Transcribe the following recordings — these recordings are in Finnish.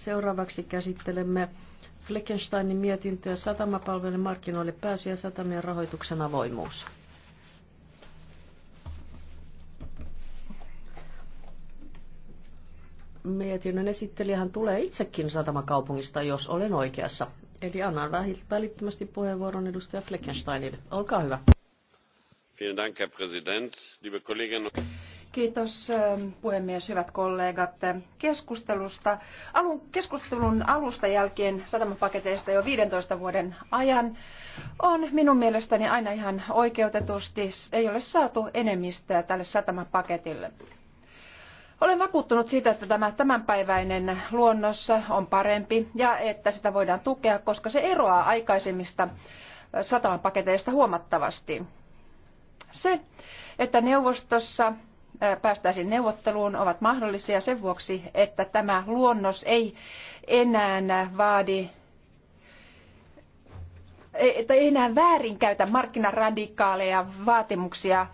Seuraavaksi käsittelemme Fleckensteinin mietintöä satamapalvelujen markkinoille pääsy ja satamien rahoituksen avoimuus. Mietinnön esittelijähän tulee itsekin satamakaupungista, jos olen oikeassa. Eli annan välittömästi puheenvuoron edustaja Fleckensteinille. Olkaa hyvä. Vielen Dank, Herr Präsident, liebe Kolleginnen und Kiitos ähm, puhemies, hyvät kollegat keskustelusta. Alun, keskustelun alusta jälkeen satamapaketeista jo 15 vuoden ajan on minun mielestäni aina ihan oikeutetusti, ei ole saatu enemmistöä tälle satamapaketille. Olen vakuuttunut siitä, että tämä tämänpäiväinen luonnossa on parempi ja että sitä voidaan tukea, koska se eroaa aikaisemmista äh, satamapaketeista huomattavasti. Se, että neuvostossa päästäisiin neuvotteluun, ovat mahdollisia sen vuoksi, että tämä luonnos ei enää vaadi e, että ei enää väärinkäytä markkinaradikaaleja vaatimuksia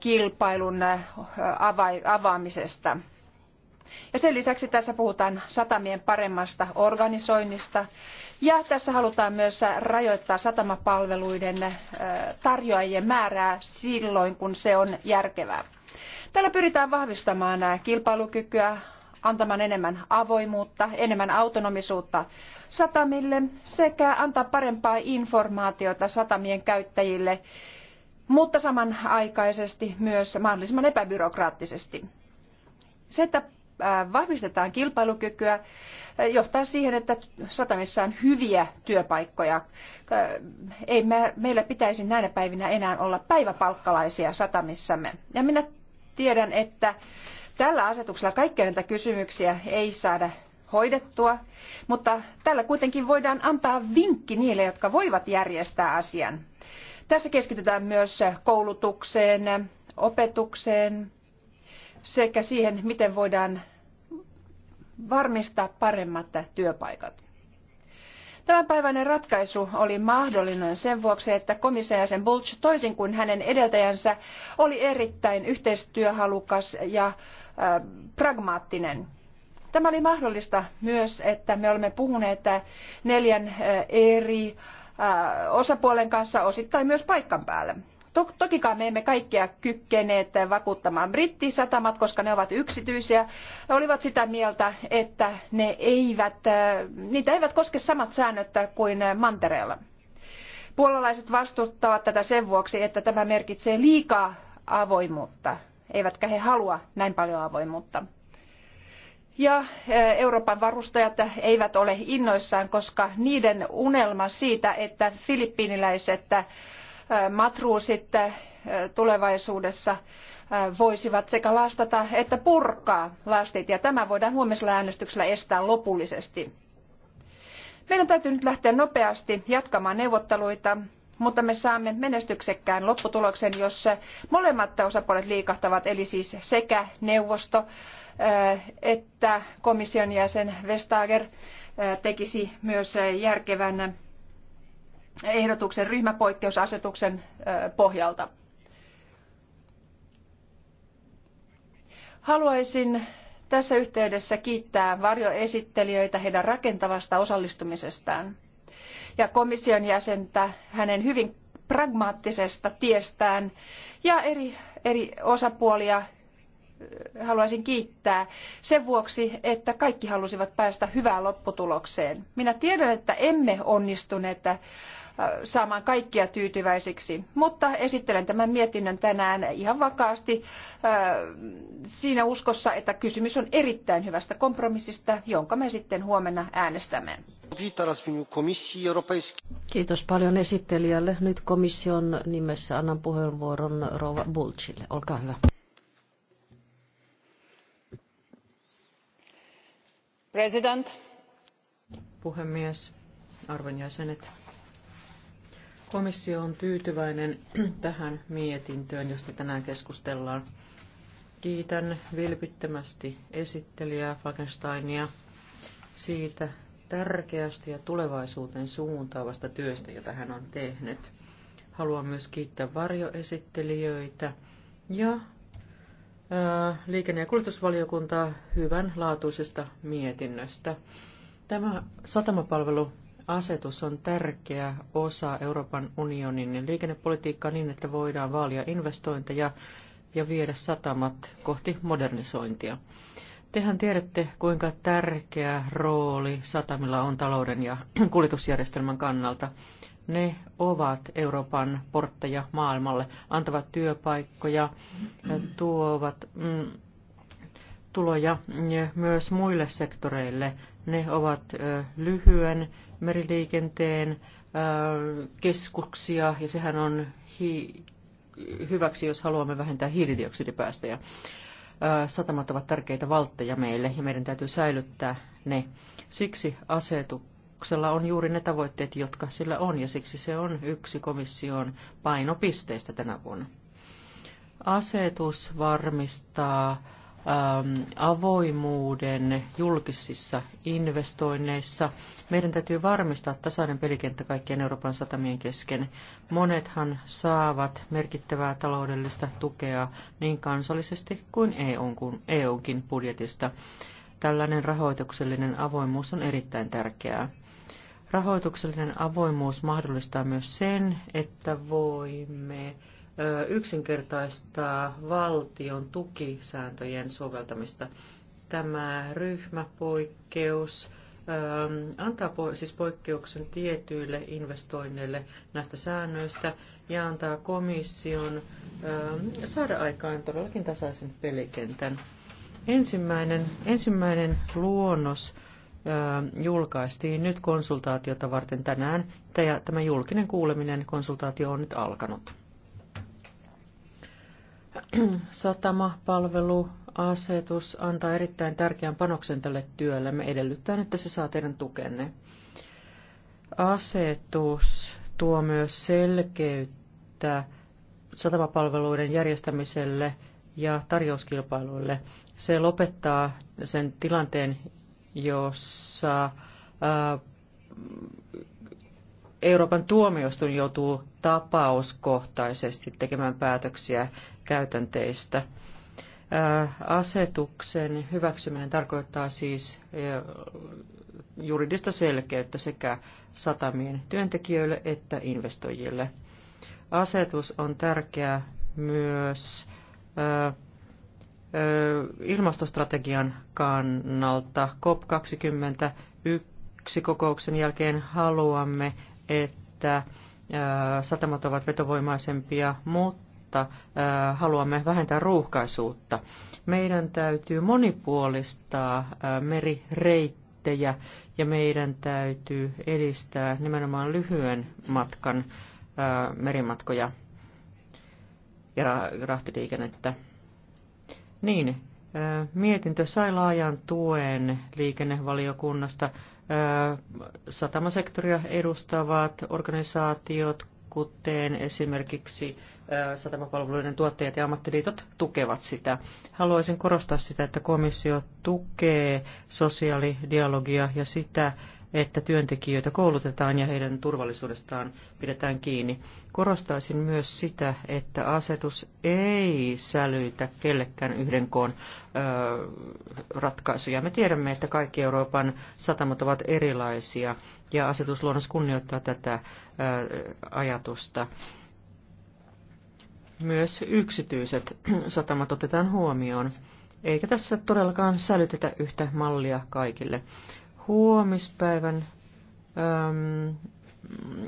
kilpailun avaamisesta. Ja sen lisäksi tässä puhutaan satamien paremmasta organisoinnista ja tässä halutaan myös rajoittaa satamapalveluiden tarjoajien määrää silloin, kun se on järkevää. Tällä pyritään vahvistamaan kilpailukykyä, antamaan enemmän avoimuutta, enemmän autonomisuutta satamille sekä antaa parempaa informaatiota satamien käyttäjille, mutta samanaikaisesti myös mahdollisimman epäbyrokraattisesti. Se, että vahvistetaan kilpailukykyä, johtaa siihen, että satamissa on hyviä työpaikkoja. Ei meillä pitäisi näinä päivinä enää olla päiväpalkkalaisia satamissamme. Ja minä tiedän, että tällä asetuksella kaikkia näitä kysymyksiä ei saada hoidettua, mutta tällä kuitenkin voidaan antaa vinkki niille, jotka voivat järjestää asian. Tässä keskitytään myös koulutukseen, opetukseen sekä siihen, miten voidaan varmistaa paremmat työpaikat. Tämänpäiväinen ratkaisu oli mahdollinen sen vuoksi, että komissaari sen Bulch toisin kuin hänen edeltäjänsä oli erittäin yhteistyöhalukas ja äh, pragmaattinen. Tämä oli mahdollista myös, että me olemme puhuneet äh, neljän äh, eri äh, osapuolen kanssa osittain myös paikan päällä. Tokikaan me emme kaikkia kykkeneet vakuuttamaan brittisatamat, koska ne ovat yksityisiä, olivat sitä mieltä, että ne eivät, äh, niitä eivät koske samat säännöt kuin mantereella. Puolalaiset vastustavat tätä sen vuoksi, että tämä merkitsee liikaa avoimuutta, eivätkä he halua näin paljon avoimuutta. Ja äh, Euroopan varustajat eivät ole innoissaan, koska niiden unelma siitä, että filippiiniläiset äh, matruusit tulevaisuudessa voisivat sekä lastata että purkaa lastit ja tämä voidaan huomisella äänestyksellä estää lopullisesti. Meidän täytyy nyt lähteä nopeasti jatkamaan neuvotteluita, mutta me saamme menestyksekkään lopputuloksen, jos molemmat osapuolet liikahtavat, eli siis sekä neuvosto että komission jäsen Vestager tekisi myös järkevän ehdotuksen ryhmäpoikkeusasetuksen pohjalta. Haluaisin tässä yhteydessä kiittää varjoesittelijöitä heidän rakentavasta osallistumisestaan ja komission jäsentä hänen hyvin pragmaattisesta tiestään ja eri, eri osapuolia haluaisin kiittää sen vuoksi, että kaikki halusivat päästä hyvään lopputulokseen. Minä tiedän, että emme onnistuneet Äh, saamaan kaikkia tyytyväisiksi. Mutta esittelen tämän mietinnön tänään ihan vakaasti äh, siinä uskossa, että kysymys on erittäin hyvästä kompromissista, jonka me sitten huomenna äänestämme. Kiitos paljon esittelijälle. Nyt komission nimessä annan puheenvuoron Rova Bulcille. Olkaa hyvä. President. Puhemies, arvon jäsenet, Komissio on tyytyväinen tähän mietintöön, josta tänään keskustellaan. Kiitän vilpittömästi esittelijää Fagensteinia siitä tärkeästä ja tulevaisuuteen suuntaavasta työstä, jota hän on tehnyt. Haluan myös kiittää varjoesittelijöitä ja ää, äh, liikenne- ja kuljetusvaliokuntaa hyvän laatuisesta mietinnöstä. Tämä satamapalvelu asetus on tärkeä osa Euroopan unionin liikennepolitiikkaa niin, että voidaan vaalia investointeja ja viedä satamat kohti modernisointia. Tehän tiedätte, kuinka tärkeä rooli satamilla on talouden ja kuljetusjärjestelmän kannalta. Ne ovat Euroopan portteja maailmalle, antavat työpaikkoja, tuovat mm, tuloja myös muille sektoreille. Ne ovat lyhyen meriliikenteen keskuksia, ja sehän on hi- hyväksi, jos haluamme vähentää hiilidioksidipäästöjä. Satamat ovat tärkeitä valtteja meille, ja meidän täytyy säilyttää ne. Siksi asetuksella on juuri ne tavoitteet, jotka sillä on, ja siksi se on yksi komission painopisteistä tänä vuonna. Asetus varmistaa Ähm, avoimuuden julkisissa investoinneissa. Meidän täytyy varmistaa tasainen pelikenttä kaikkien Euroopan satamien kesken. Monethan saavat merkittävää taloudellista tukea niin kansallisesti kuin EUnkin e budjetista. Tällainen rahoituksellinen avoimuus on erittäin tärkeää. Rahoituksellinen avoimuus mahdollistaa myös sen, että voimme yksinkertaistaa valtion tukisääntöjen soveltamista. Tämä ryhmäpoikkeus antaa siis poikkeuksen tietyille investoinneille näistä säännöistä ja antaa komission saada aikaan todellakin tasaisen pelikentän. Ensimmäinen, ensimmäinen luonnos julkaistiin nyt konsultaatiota varten tänään. Tämä julkinen kuuleminen konsultaatio on nyt alkanut asetus antaa erittäin tärkeän panoksen tälle työlle. Me edellyttää, että se saa teidän tukenne. Asetus tuo myös selkeyttä satamapalveluiden järjestämiselle ja tarjouskilpailuille. Se lopettaa sen tilanteen, jossa ää, Euroopan tuomioistuin joutuu tapauskohtaisesti tekemään päätöksiä käytänteistä. Äh, asetuksen hyväksyminen tarkoittaa siis äh, juridista selkeyttä sekä satamien työntekijöille että investoijille. Asetus on tärkeä myös äh, ilmastostrategian kannalta. COP21 kokouksen jälkeen haluamme että äh, satamat ovat vetovoimaisempia, mutta äh, haluamme vähentää ruuhkaisuutta. Meidän täytyy monipuolistaa äh, merireittejä ja meidän täytyy edistää nimenomaan lyhyen matkan merimatkoja ja rahtiliikennettä. Niin, mietintö sai laajan tuen liikennevaliokunnasta satamasektoria edustavat organisaatiot, kuten esimerkiksi satamapalveluiden tuottajat ja ammattiliitot tukevat sitä. Haluaisin korostaa sitä, että komissio tukee sosiaalidialogia ja sitä, että työntekijöitä koulutetaan ja heidän turvallisuudestaan pidetään kiinni. Korostaisin myös sitä, että asetus ei sälytä kellekään yhden koon ö, ratkaisuja. Me tiedämme, että kaikki Euroopan satamat ovat erilaisia ja asetusluonnos kunnioittaa tätä ö, ajatusta. Myös yksityiset satamat otetaan huomioon eikä tässä todellakaan sälytetä yhtä mallia kaikille huomispäivän äm,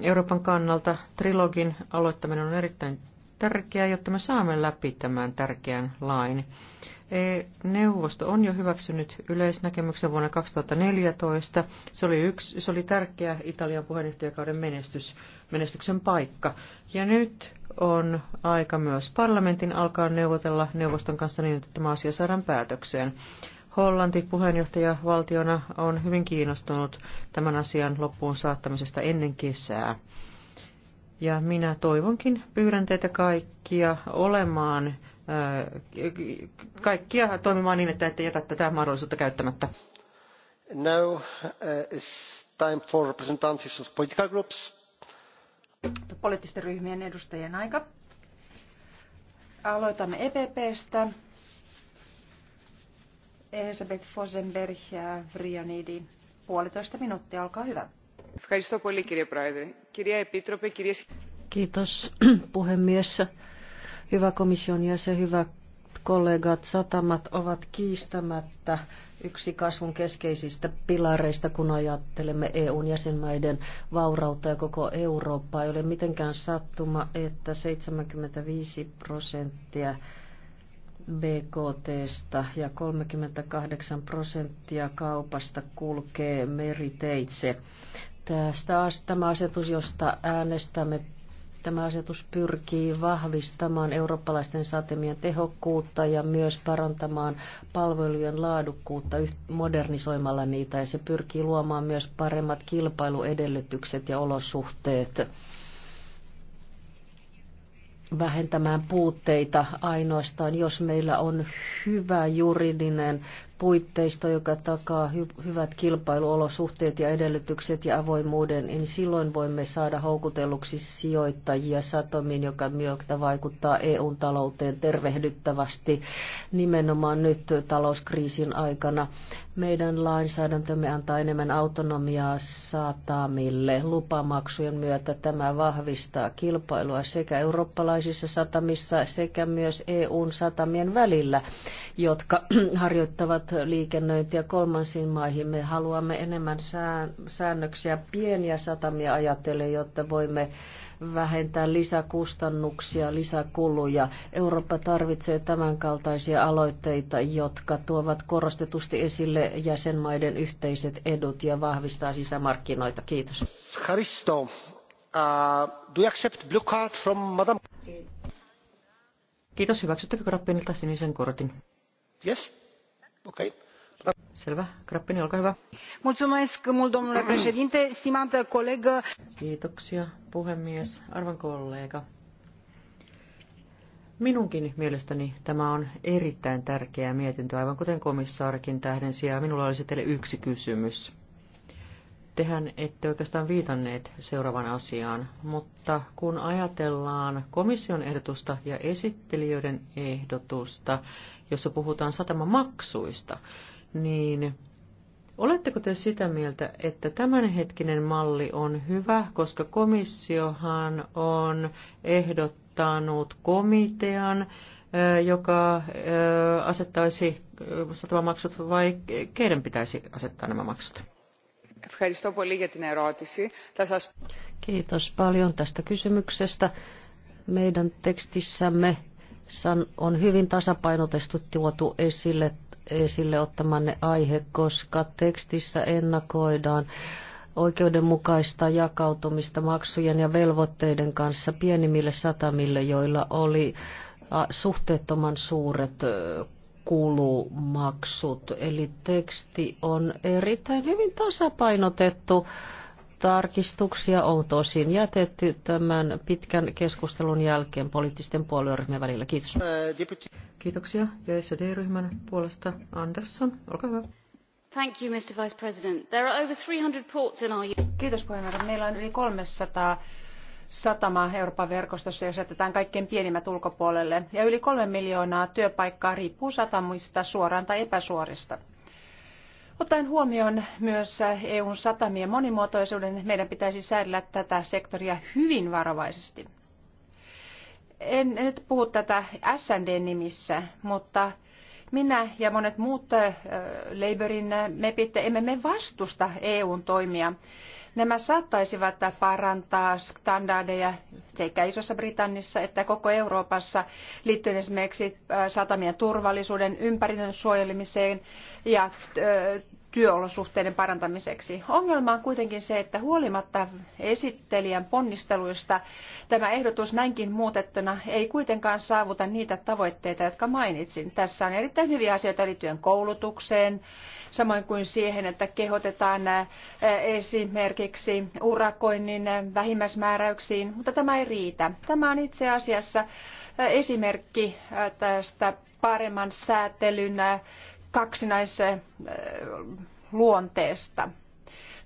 Euroopan kannalta trilogin aloittaminen on erittäin tärkeää, jotta me saamme läpi tämän tärkeän lain. E, neuvosto on jo hyväksynyt yleisnäkemyksen vuonna 2014. Se oli, yksi, se oli tärkeä Italian puheenjohtajakauden menestys, menestyksen paikka. Ja nyt on aika myös parlamentin alkaa neuvotella neuvoston kanssa niin, että tämä asia saadaan päätökseen. Hollanti puheenjohtajavaltiona on hyvin kiinnostunut tämän asian loppuun saattamisesta ennen kesää. Ja minä toivonkin, pyydän teitä kaikkia olemaan, äh, kaikkia toimimaan niin, että ette jätä tätä mahdollisuutta käyttämättä. Now uh, is time for representatives of political groups. Poliittisten ryhmien edustajien aika. Aloitamme EPPstä. Elisabeth Fosenberg ja Vrianidi. Puolitoista minuuttia, olkaa hyvä. Kiitos puhemies. Hyvä komission jäsen, hyvä kollegat, satamat ovat kiistämättä yksi kasvun keskeisistä pilareista, kun ajattelemme EUn jäsenmaiden vaurautta ja koko Eurooppaa. Ei ole mitenkään sattuma, että 75 prosenttia BKTstä ja 38 prosenttia kaupasta kulkee meriteitse. Tästä, tämä asetus, josta äänestämme, tämä asetus pyrkii vahvistamaan eurooppalaisten satemien tehokkuutta ja myös parantamaan palvelujen laadukkuutta modernisoimalla niitä ja se pyrkii luomaan myös paremmat kilpailuedellytykset ja olosuhteet vähentämään puutteita ainoastaan, jos meillä on hyvä juridinen puitteisto, joka takaa hy- hyvät kilpailuolosuhteet ja edellytykset ja avoimuuden, niin silloin voimme saada houkutelluksi sijoittajia satomiin, joka myös vaikuttaa eu talouteen tervehdyttävästi nimenomaan nyt talouskriisin aikana. Meidän lainsäädäntömme antaa enemmän autonomiaa satamille lupamaksujen myötä. Tämä vahvistaa kilpailua sekä eurooppalaisissa satamissa sekä myös eu satamien välillä, jotka harjoittavat liikennöintiä kolmansiin maihin. Me haluamme enemmän säännöksiä pieniä satamia ajatellen, jotta voimme vähentää lisäkustannuksia, lisäkuluja. Eurooppa tarvitsee tämänkaltaisia aloitteita, jotka tuovat korostetusti esille jäsenmaiden yhteiset edut ja vahvistaa sisämarkkinoita. Kiitos. Haristo, uh, do you accept blue card from Madame? Kiitos. Hyväksyttekö Grappinilta sinisen kortin? Yes domnule președinte, stimată colegă. Kiitoksia, puhemies, arvon kollega. Minunkin mielestäni tämä on erittäin tärkeä mietintö, aivan kuten komissaarikin tähdensi, ja minulla olisi teille yksi kysymys. Tehän ette oikeastaan viitanneet seuraavaan asiaan, mutta kun ajatellaan komission ehdotusta ja esittelijöiden ehdotusta, jossa puhutaan satamamaksuista, niin Oletteko te sitä mieltä, että tämänhetkinen malli on hyvä, koska komissiohan on ehdottanut komitean, joka asettaisi satamamaksut vai keiden pitäisi asettaa nämä maksut? Kiitos paljon tästä kysymyksestä. Meidän tekstissämme on hyvin tasapainotettu tuotu esille, esille ottamanne aihe, koska tekstissä ennakoidaan oikeudenmukaista jakautumista maksujen ja velvoitteiden kanssa pienimmille satamille, joilla oli suhteettoman suuret kulumaksut. Eli teksti on erittäin hyvin tasapainotettu. Tarkistuksia on tosin jätetty tämän pitkän keskustelun jälkeen poliittisten puolueryhmien välillä. Kiitos. Kiitoksia. Ja SD-ryhmän puolesta Andersson, olkaa hyvä. Thank you, Mr. Vice President. There are over 300 ports in our... Kiitos puheenjohtaja. Meillä on yli 300 satamaa Euroopan verkostossa, jos jätetään kaikkein pienimmät ulkopuolelle. Ja yli kolme miljoonaa työpaikkaa riippuu satamista suoraan tai epäsuorista. Ottaen huomioon myös EUn satamien monimuotoisuuden, meidän pitäisi säädellä tätä sektoria hyvin varovaisesti. En nyt puhu tätä SND-nimissä, mutta minä ja monet muut äh, Labourin äh, mepit, emme me vastusta EUn toimia Nämä saattaisivat parantaa standardeja sekä Isossa Britannissa että koko Euroopassa liittyen esimerkiksi äh, satamien turvallisuuden, ympäristön suojelemiseen ja äh, työolosuhteiden parantamiseksi. Ongelma on kuitenkin se, että huolimatta esittelijän ponnisteluista tämä ehdotus näinkin muutettuna ei kuitenkaan saavuta niitä tavoitteita, jotka mainitsin. Tässä on erittäin hyviä asioita liittyen koulutukseen, samoin kuin siihen, että kehotetaan esimerkiksi urakoinnin vähimmäismääräyksiin, mutta tämä ei riitä. Tämä on itse asiassa esimerkki tästä paremman säätelyn kaksinaisluonteesta. Äh,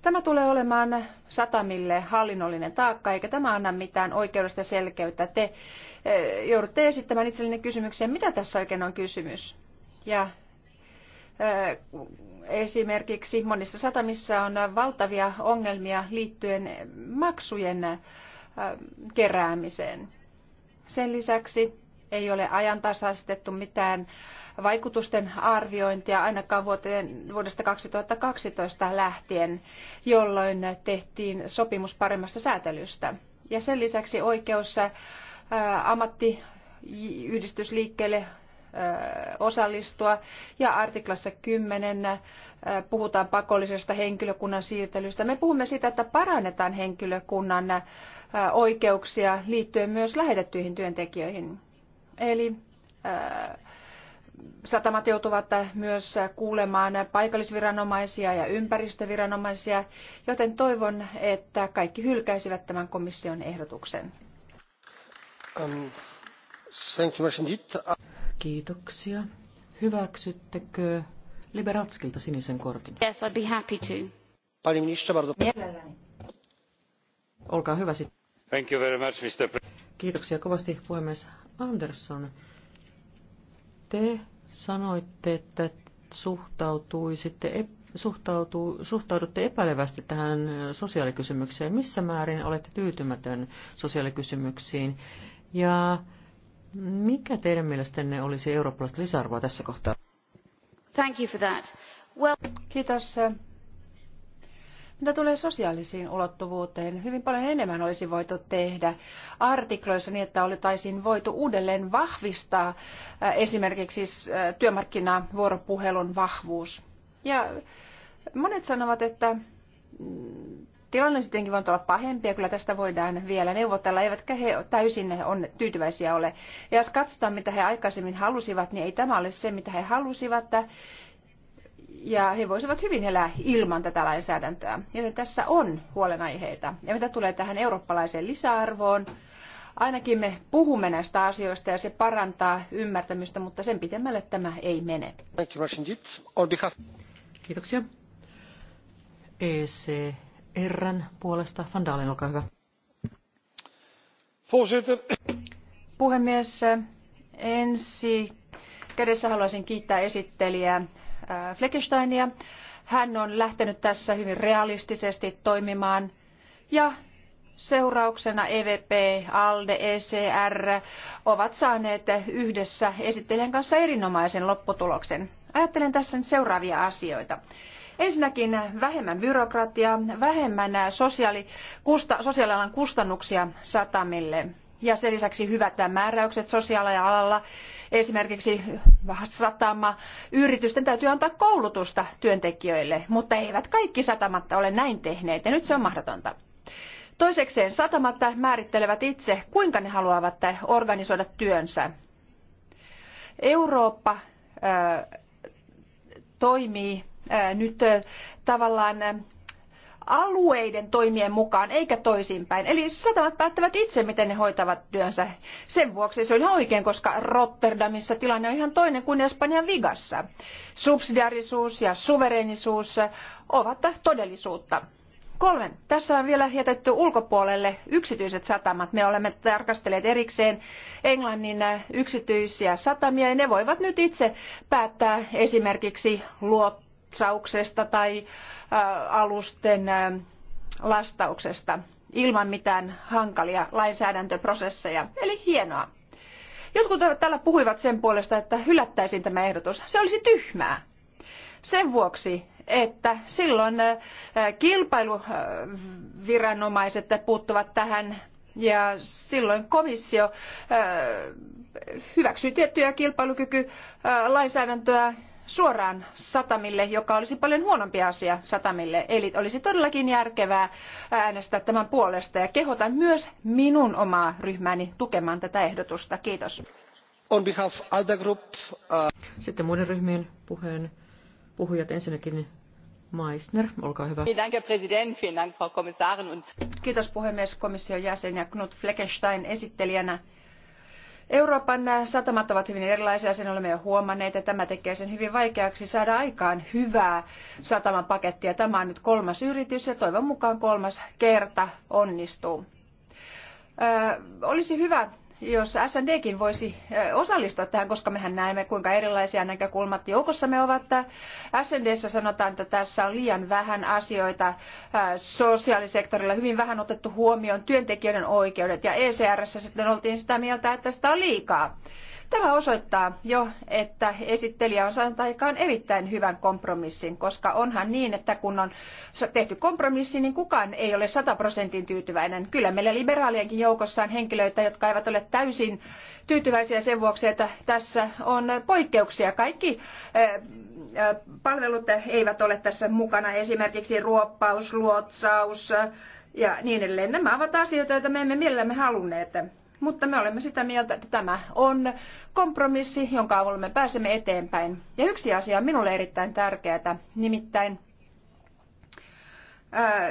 tämä tulee olemaan satamille hallinnollinen taakka, eikä tämä anna mitään oikeudesta selkeyttä. Te äh, joudutte esittämään itsellenne kysymyksiä, mitä tässä oikein on kysymys. Ja äh, esimerkiksi monissa satamissa on valtavia ongelmia liittyen maksujen keräämiseen. Sen lisäksi ei ole ajantasaistettu mitään vaikutusten arviointia ainakaan vuoteen, vuodesta 2012 lähtien, jolloin tehtiin sopimus paremmasta säätelystä. Ja sen lisäksi oikeus äh, ammattiyhdistysliikkeelle äh, osallistua ja artiklassa 10 äh, puhutaan pakollisesta henkilökunnan siirtelystä. Me puhumme siitä, että parannetaan henkilökunnan oikeuksia liittyen myös lähetettyihin työntekijöihin. Eli satamat joutuvat myös kuulemaan paikallisviranomaisia ja ympäristöviranomaisia, joten toivon, että kaikki hylkäisivät tämän komission ehdotuksen. Um, Kiitoksia. Hyväksyttekö Liberatskilta sinisen kortin? Yes, I'd be happy to. Pani minister, bardzo... Olkaa hyvä sitten. Thank you very much, Mr. Kiitoksia kovasti puhemies. Andersson, te sanoitte, että suhtautuisitte, suhtautuu, suhtaudutte epäilevästi tähän sosiaalikysymykseen. Missä määrin olette tyytymätön sosiaalikysymyksiin? Ja mikä teidän mielestänne olisi eurooppalaista lisäarvoa tässä kohtaa? Thank you for that. Well... Kiitos mitä tulee sosiaalisiin ulottuvuuteen, hyvin paljon enemmän olisi voitu tehdä artikloissa niin, että olitaisiin voitu uudelleen vahvistaa äh, esimerkiksi äh, työmarkkinavuoropuhelun vahvuus. Ja monet sanovat, että mm, tilanne sittenkin voi olla pahempi ja kyllä tästä voidaan vielä neuvotella, eivätkä he täysin on tyytyväisiä ole. Ja jos katsotaan, mitä he aikaisemmin halusivat, niin ei tämä ole se, mitä he halusivat ja he voisivat hyvin elää ilman tätä lainsäädäntöä. Joten tässä on huolenaiheita. Ja mitä tulee tähän eurooppalaiseen lisäarvoon, ainakin me puhumme näistä asioista ja se parantaa ymmärtämystä, mutta sen pitemmälle tämä ei mene. Kiitoksia. ECRn puolesta Van Dalen, olkaa hyvä. Puhemies, ensi kädessä haluaisin kiittää esittelijää Äh, Fleckensteinia. Hän on lähtenyt tässä hyvin realistisesti toimimaan ja seurauksena EVP, ALDE, ECR ovat saaneet yhdessä esittelijän kanssa erinomaisen lopputuloksen. Ajattelen tässä nyt seuraavia asioita. Ensinnäkin vähemmän byrokratiaa, vähemmän sosiaali, kusta, sosiaalialan kustannuksia satamille ja sen lisäksi hyvät määräykset sosiaalialalla Esimerkiksi satamayritysten yritysten täytyy antaa koulutusta työntekijöille, mutta eivät kaikki satamat ole näin tehneet ja nyt se on mahdotonta. Toisekseen satamat määrittelevät itse, kuinka ne haluavat organisoida työnsä. Eurooppa toimii nyt tavallaan alueiden toimien mukaan, eikä toisinpäin. Eli satamat päättävät itse, miten ne hoitavat työnsä. Sen vuoksi se on ihan oikein, koska Rotterdamissa tilanne on ihan toinen kuin Espanjan Vigassa. Subsidiarisuus ja suvereenisuus ovat todellisuutta. Kolme. Tässä on vielä jätetty ulkopuolelle yksityiset satamat. Me olemme tarkastelleet erikseen Englannin yksityisiä satamia ja ne voivat nyt itse päättää esimerkiksi luottaa katsauksesta tai alusten lastauksesta ilman mitään hankalia lainsäädäntöprosesseja. Eli hienoa. Jotkut täällä puhuivat sen puolesta, että hylättäisiin tämä ehdotus. Se olisi tyhmää. Sen vuoksi, että silloin kilpailuviranomaiset puuttuvat tähän ja silloin komissio hyväksyy tiettyjä kilpailukykylainsäädäntöä suoraan satamille, joka olisi paljon huonompi asia satamille. Eli olisi todellakin järkevää äänestää tämän puolesta ja kehotan myös minun omaa ryhmääni tukemaan tätä ehdotusta. Kiitos. On behalf Alda Group, uh... Sitten muiden ryhmien puheen puhujat ensinnäkin Meissner, olkaa hyvä. Kiitos puhemies komission jäsen ja Knut Fleckenstein esittelijänä Euroopan satamat ovat hyvin erilaisia, sen olemme jo huomanneet, ja tämä tekee sen hyvin vaikeaksi saada aikaan hyvää satamapakettia. Tämä on nyt kolmas yritys ja toivon mukaan kolmas kerta onnistuu. olisi hyvä jos SNDkin voisi osallistua tähän, koska mehän näemme, kuinka erilaisia näkökulmat joukossamme ovat. SNDssä sanotaan, että tässä on liian vähän asioita sosiaalisektorilla, hyvin vähän otettu huomioon työntekijöiden oikeudet, ja ECRssä sitten oltiin sitä mieltä, että sitä on liikaa. Tämä osoittaa jo, että esittelijä on saanut aikaan erittäin hyvän kompromissin, koska onhan niin, että kun on tehty kompromissi, niin kukaan ei ole 100 prosentin tyytyväinen. Kyllä meillä liberaalienkin joukossa on henkilöitä, jotka eivät ole täysin tyytyväisiä sen vuoksi, että tässä on poikkeuksia. Kaikki palvelut eivät ole tässä mukana, esimerkiksi ruoppaus, luotsaus ja niin edelleen. Nämä ovat asioita, joita me emme mielellämme halunneet. Mutta me olemme sitä mieltä, että tämä on kompromissi, jonka avulla me pääsemme eteenpäin. Ja yksi asia on minulle erittäin tärkeää, nimittäin ää,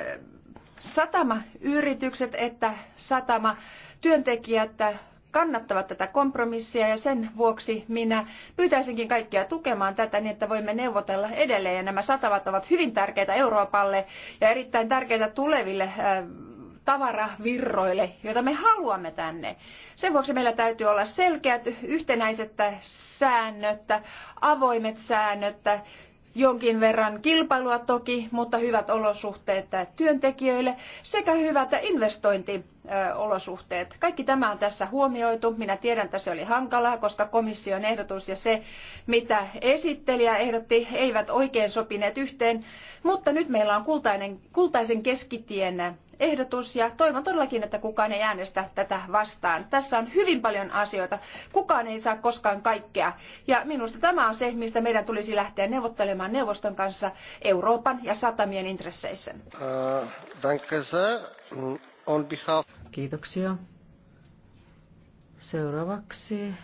satamayritykset että satamatyöntekijät kannattavat tätä kompromissia ja sen vuoksi minä pyytäisinkin kaikkia tukemaan tätä niin, että voimme neuvotella edelleen. Ja nämä satamat ovat hyvin tärkeitä Euroopalle ja erittäin tärkeitä tuleville tavaravirroille, joita me haluamme tänne. Sen vuoksi meillä täytyy olla selkeät, yhtenäiset säännöt, avoimet säännöt, jonkin verran kilpailua toki, mutta hyvät olosuhteet työntekijöille sekä hyvät investointiolosuhteet. Kaikki tämä on tässä huomioitu. Minä tiedän, että se oli hankalaa, koska komission ehdotus ja se, mitä esittelijä ehdotti, eivät oikein sopineet yhteen. Mutta nyt meillä on kultainen, kultaisen keskitien ehdotus ja toivon todellakin, että kukaan ei äänestä tätä vastaan. Tässä on hyvin paljon asioita. Kukaan ei saa koskaan kaikkea. Ja minusta tämä on se, mistä meidän tulisi lähteä neuvottelemaan neuvoston kanssa Euroopan ja satamien intresseissä. Uh, Kiitoksia. Seuraavaksi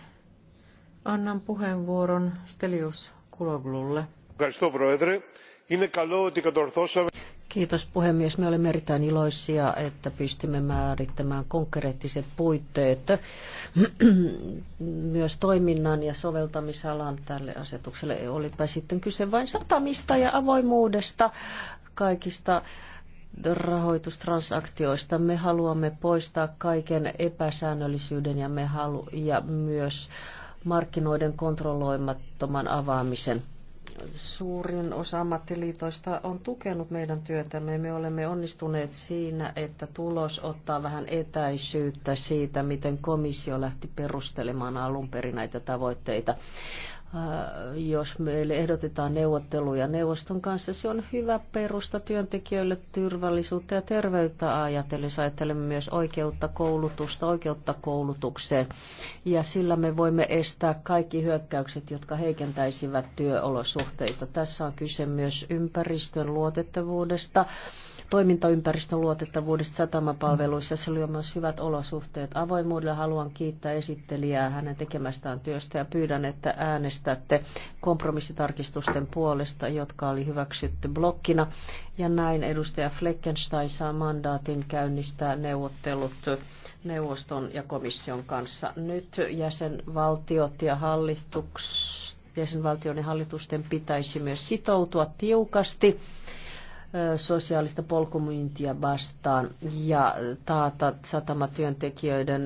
annan puheenvuoron Stelios Kuloglulle. Ευχαριστώ, Πρόεδρε. Είναι καλό ότι Kiitos puhemies. Me olemme erittäin iloisia, että pystymme määrittämään konkreettiset puitteet myös toiminnan ja soveltamisalan tälle asetukselle. Olipa sitten kyse vain satamista ja avoimuudesta kaikista rahoitustransaktioista. Me haluamme poistaa kaiken epäsäännöllisyyden ja, me halu- ja myös markkinoiden kontrolloimattoman avaamisen. Suurin osa ammattiliitoista on tukenut meidän työtämme. Me olemme onnistuneet siinä, että tulos ottaa vähän etäisyyttä siitä, miten komissio lähti perustelemaan alun perin näitä tavoitteita. Äh, jos meille ehdotetaan neuvotteluja neuvoston kanssa, se on hyvä perusta työntekijöille turvallisuutta ja terveyttä ajatellen. Ajattelemme myös oikeutta koulutusta, oikeutta koulutukseen. Ja sillä me voimme estää kaikki hyökkäykset, jotka heikentäisivät työolosuhteita. Tässä on kyse myös ympäristön luotettavuudesta toimintaympäristön luotettavuudesta satamapalveluissa. Se oli myös hyvät olosuhteet avoimuudelle. Haluan kiittää esittelijää hänen tekemästään työstä ja pyydän, että äänestätte kompromissitarkistusten puolesta, jotka oli hyväksytty blokkina. Ja näin edustaja Fleckenstein saa mandaatin käynnistää neuvottelut neuvoston ja komission kanssa. Nyt jäsenvaltiot ja hallitukset jäsenvaltioiden hallitusten pitäisi myös sitoutua tiukasti sosiaalista polkumyyntiä vastaan ja taata satamatyöntekijöiden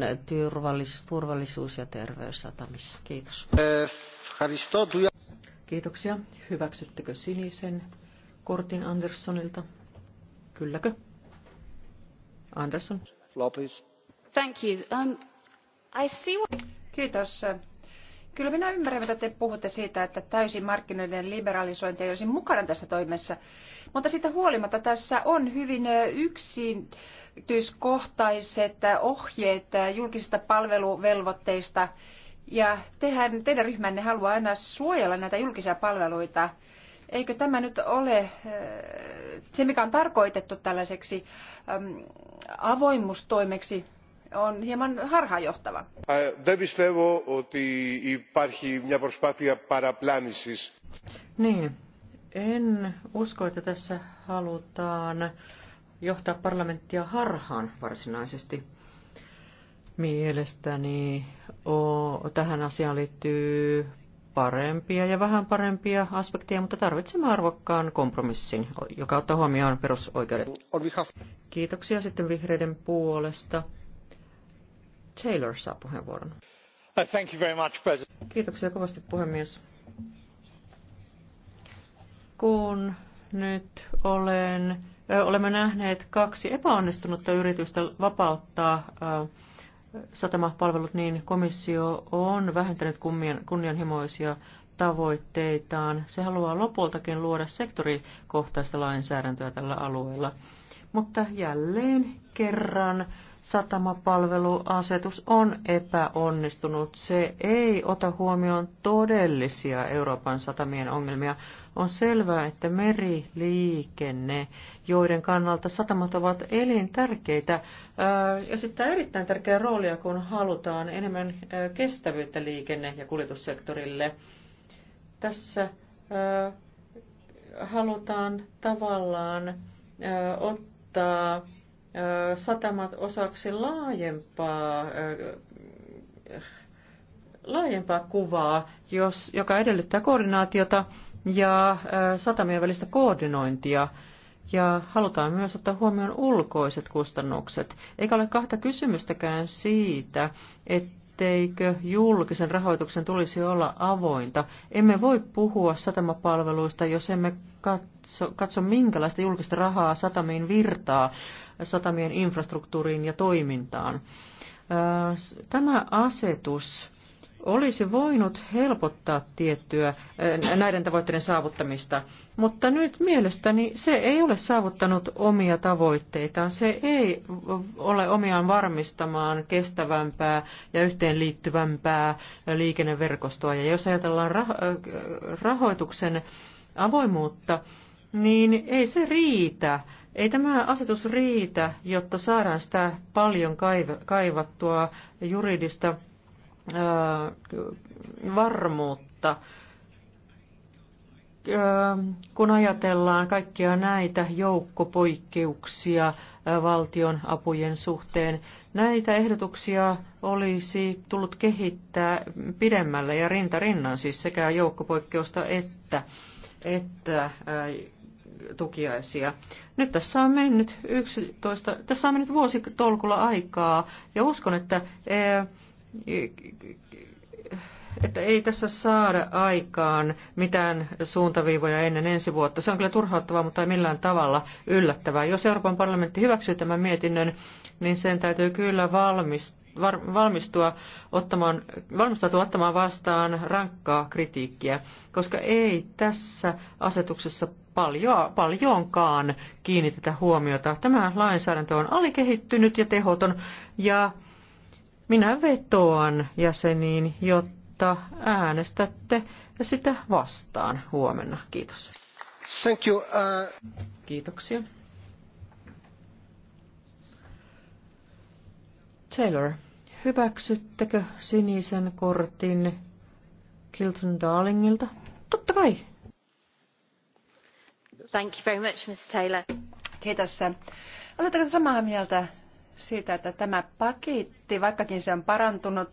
turvallisuus ja terveys satamissa. Kiitos. Kiitoksia. Hyväksyttekö sinisen kortin Anderssonilta? Kylläkö? Andersson. Lopez. Thank you. Um, I see what... Kiitos. Kyllä minä ymmärrän, mitä te puhutte siitä, että täysin markkinoiden liberalisointi ei olisi mukana tässä toimessa, mutta siitä huolimatta tässä on hyvin yksityiskohtaiset ohjeet julkisista palveluvelvoitteista, ja tehän, teidän ryhmänne haluaa aina suojella näitä julkisia palveluita. Eikö tämä nyt ole se, mikä on tarkoitettu tällaiseksi avoimustoimeksi? on hieman harhaanjohtava. Δεν πιστεύω ότι υπάρχει μια προσπάθεια παραπλάνησης. Niin, en usko, että tässä halutaan johtaa parlamenttia harhaan varsinaisesti. Mielestäni o, tähän asiaan liittyy parempia ja vähän parempia aspekteja, mutta tarvitsemme arvokkaan kompromissin, joka ottaa huomioon perusoikeudet. Kiitoksia sitten vihreiden puolesta. Taylor saa puheenvuoron. Uh, thank you very much, President. Kiitoksia kovasti puhemies. Kun nyt olen, olemme nähneet kaksi epäonnistunutta yritystä vapauttaa satamapalvelut, niin komissio on vähentänyt kunnianhimoisia tavoitteitaan. Se haluaa lopultakin luoda sektorikohtaista lainsäädäntöä tällä alueella. Mutta jälleen kerran satamapalveluasetus on epäonnistunut. Se ei ota huomioon todellisia Euroopan satamien ongelmia. On selvää, että meriliikenne, joiden kannalta satamat ovat elintärkeitä, ja sitten erittäin tärkeä roolia, kun halutaan enemmän kestävyyttä liikenne- ja kuljetussektorille. Tässä halutaan tavallaan ottaa ottaa satamat osaksi laajempaa, laajempaa kuvaa, jos, joka edellyttää koordinaatiota ja satamien välistä koordinointia. Ja halutaan myös ottaa huomioon ulkoiset kustannukset. Eikä ole kahta kysymystäkään siitä, että etteikö julkisen rahoituksen tulisi olla avointa. Emme voi puhua satamapalveluista, jos emme katso, katso minkälaista julkista rahaa satamiin virtaa, satamien infrastruktuuriin ja toimintaan. Tämä asetus olisi voinut helpottaa tiettyä eh, näiden tavoitteiden saavuttamista, mutta nyt mielestäni se ei ole saavuttanut omia tavoitteitaan. Se ei ole omiaan varmistamaan kestävämpää ja yhteenliittyvämpää liikenneverkostoa. Ja jos ajatellaan eh, rahoituksen avoimuutta, niin ei se riitä. Ei tämä asetus riitä, jotta saadaan sitä paljon kaivattua juridista varmuutta. Kun ajatellaan kaikkia näitä joukkopoikkeuksia valtion apujen suhteen, näitä ehdotuksia olisi tullut kehittää pidemmälle ja rinnan, siis sekä joukkopoikkeusta että, että tukiaisia. Nyt tässä on mennyt 11, tässä on mennyt vuositolkulla aikaa ja uskon, että että ei tässä saada aikaan mitään suuntaviivoja ennen ensi vuotta. Se on kyllä turhauttavaa, mutta ei millään tavalla yllättävää. Jos Euroopan parlamentti hyväksyy tämän mietinnön, niin sen täytyy kyllä valmistua ottamaan, valmistautua ottamaan vastaan rankkaa kritiikkiä, koska ei tässä asetuksessa paljoa, paljoonkaan kiinnitetä huomiota. Tämä lainsäädäntö on alikehittynyt ja tehoton ja minä vetoan jäseniin, jotta äänestätte sitä vastaan huomenna. Kiitos. Thank you. Uh... Kiitoksia. Taylor, hyväksyttekö sinisen kortin Kilton Darlingilta? Totta kai. Thank you very much, Ms. Taylor. Kiitos. Oletteko samaa mieltä siitä, että tämä paketti, vaikkakin se on parantunut,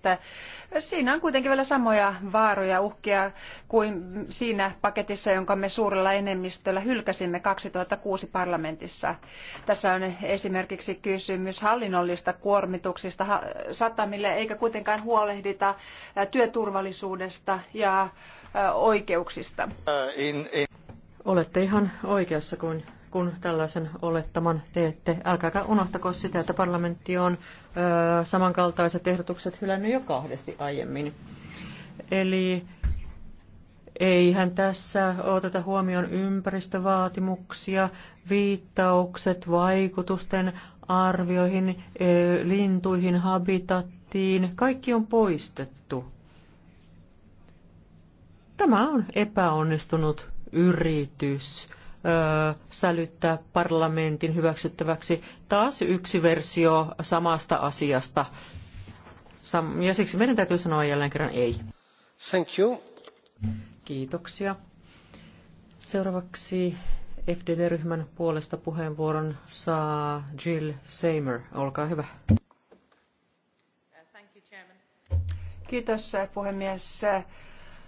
siinä on kuitenkin vielä samoja vaaroja uhkia kuin siinä paketissa, jonka me suurella enemmistöllä hylkäsimme 2006 parlamentissa. Tässä on esimerkiksi kysymys hallinnollista kuormituksista satamille, eikä kuitenkaan huolehdita työturvallisuudesta ja oikeuksista. Äh, Olette ihan oikeassa, kun kun tällaisen olettaman teette. Älkääkä unohtako sitä, että parlamentti on ö, samankaltaiset ehdotukset hylännyt jo kahdesti aiemmin. Eli eihän tässä oteta huomioon ympäristövaatimuksia, viittaukset vaikutusten arvioihin, lintuihin, habitattiin. Kaikki on poistettu. Tämä on epäonnistunut yritys sälyttää parlamentin hyväksyttäväksi taas yksi versio samasta asiasta. Ja siksi meidän täytyy sanoa jälleen kerran ei. Thank you. Kiitoksia. Seuraavaksi FDD-ryhmän puolesta puheenvuoron saa Jill Seimer. Olkaa hyvä. Kiitos puhemies.